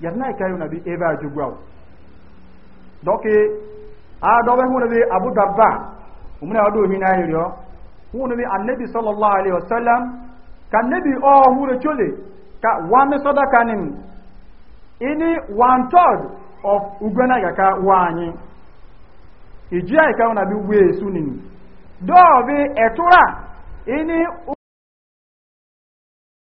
yàtọ̀ náà ìkẹrẹ nàbí ebe aadɔbɛ hu bi abu darda umuna wado hin na rɔ hu bi anabi sallallahu alaihi wasallam ka nabi ọ hu re chole ka wami sadaka nim ini one third of ugana kaka wanyi iji ayi ka n'abi abi esu su nini dɔɔ bi ini.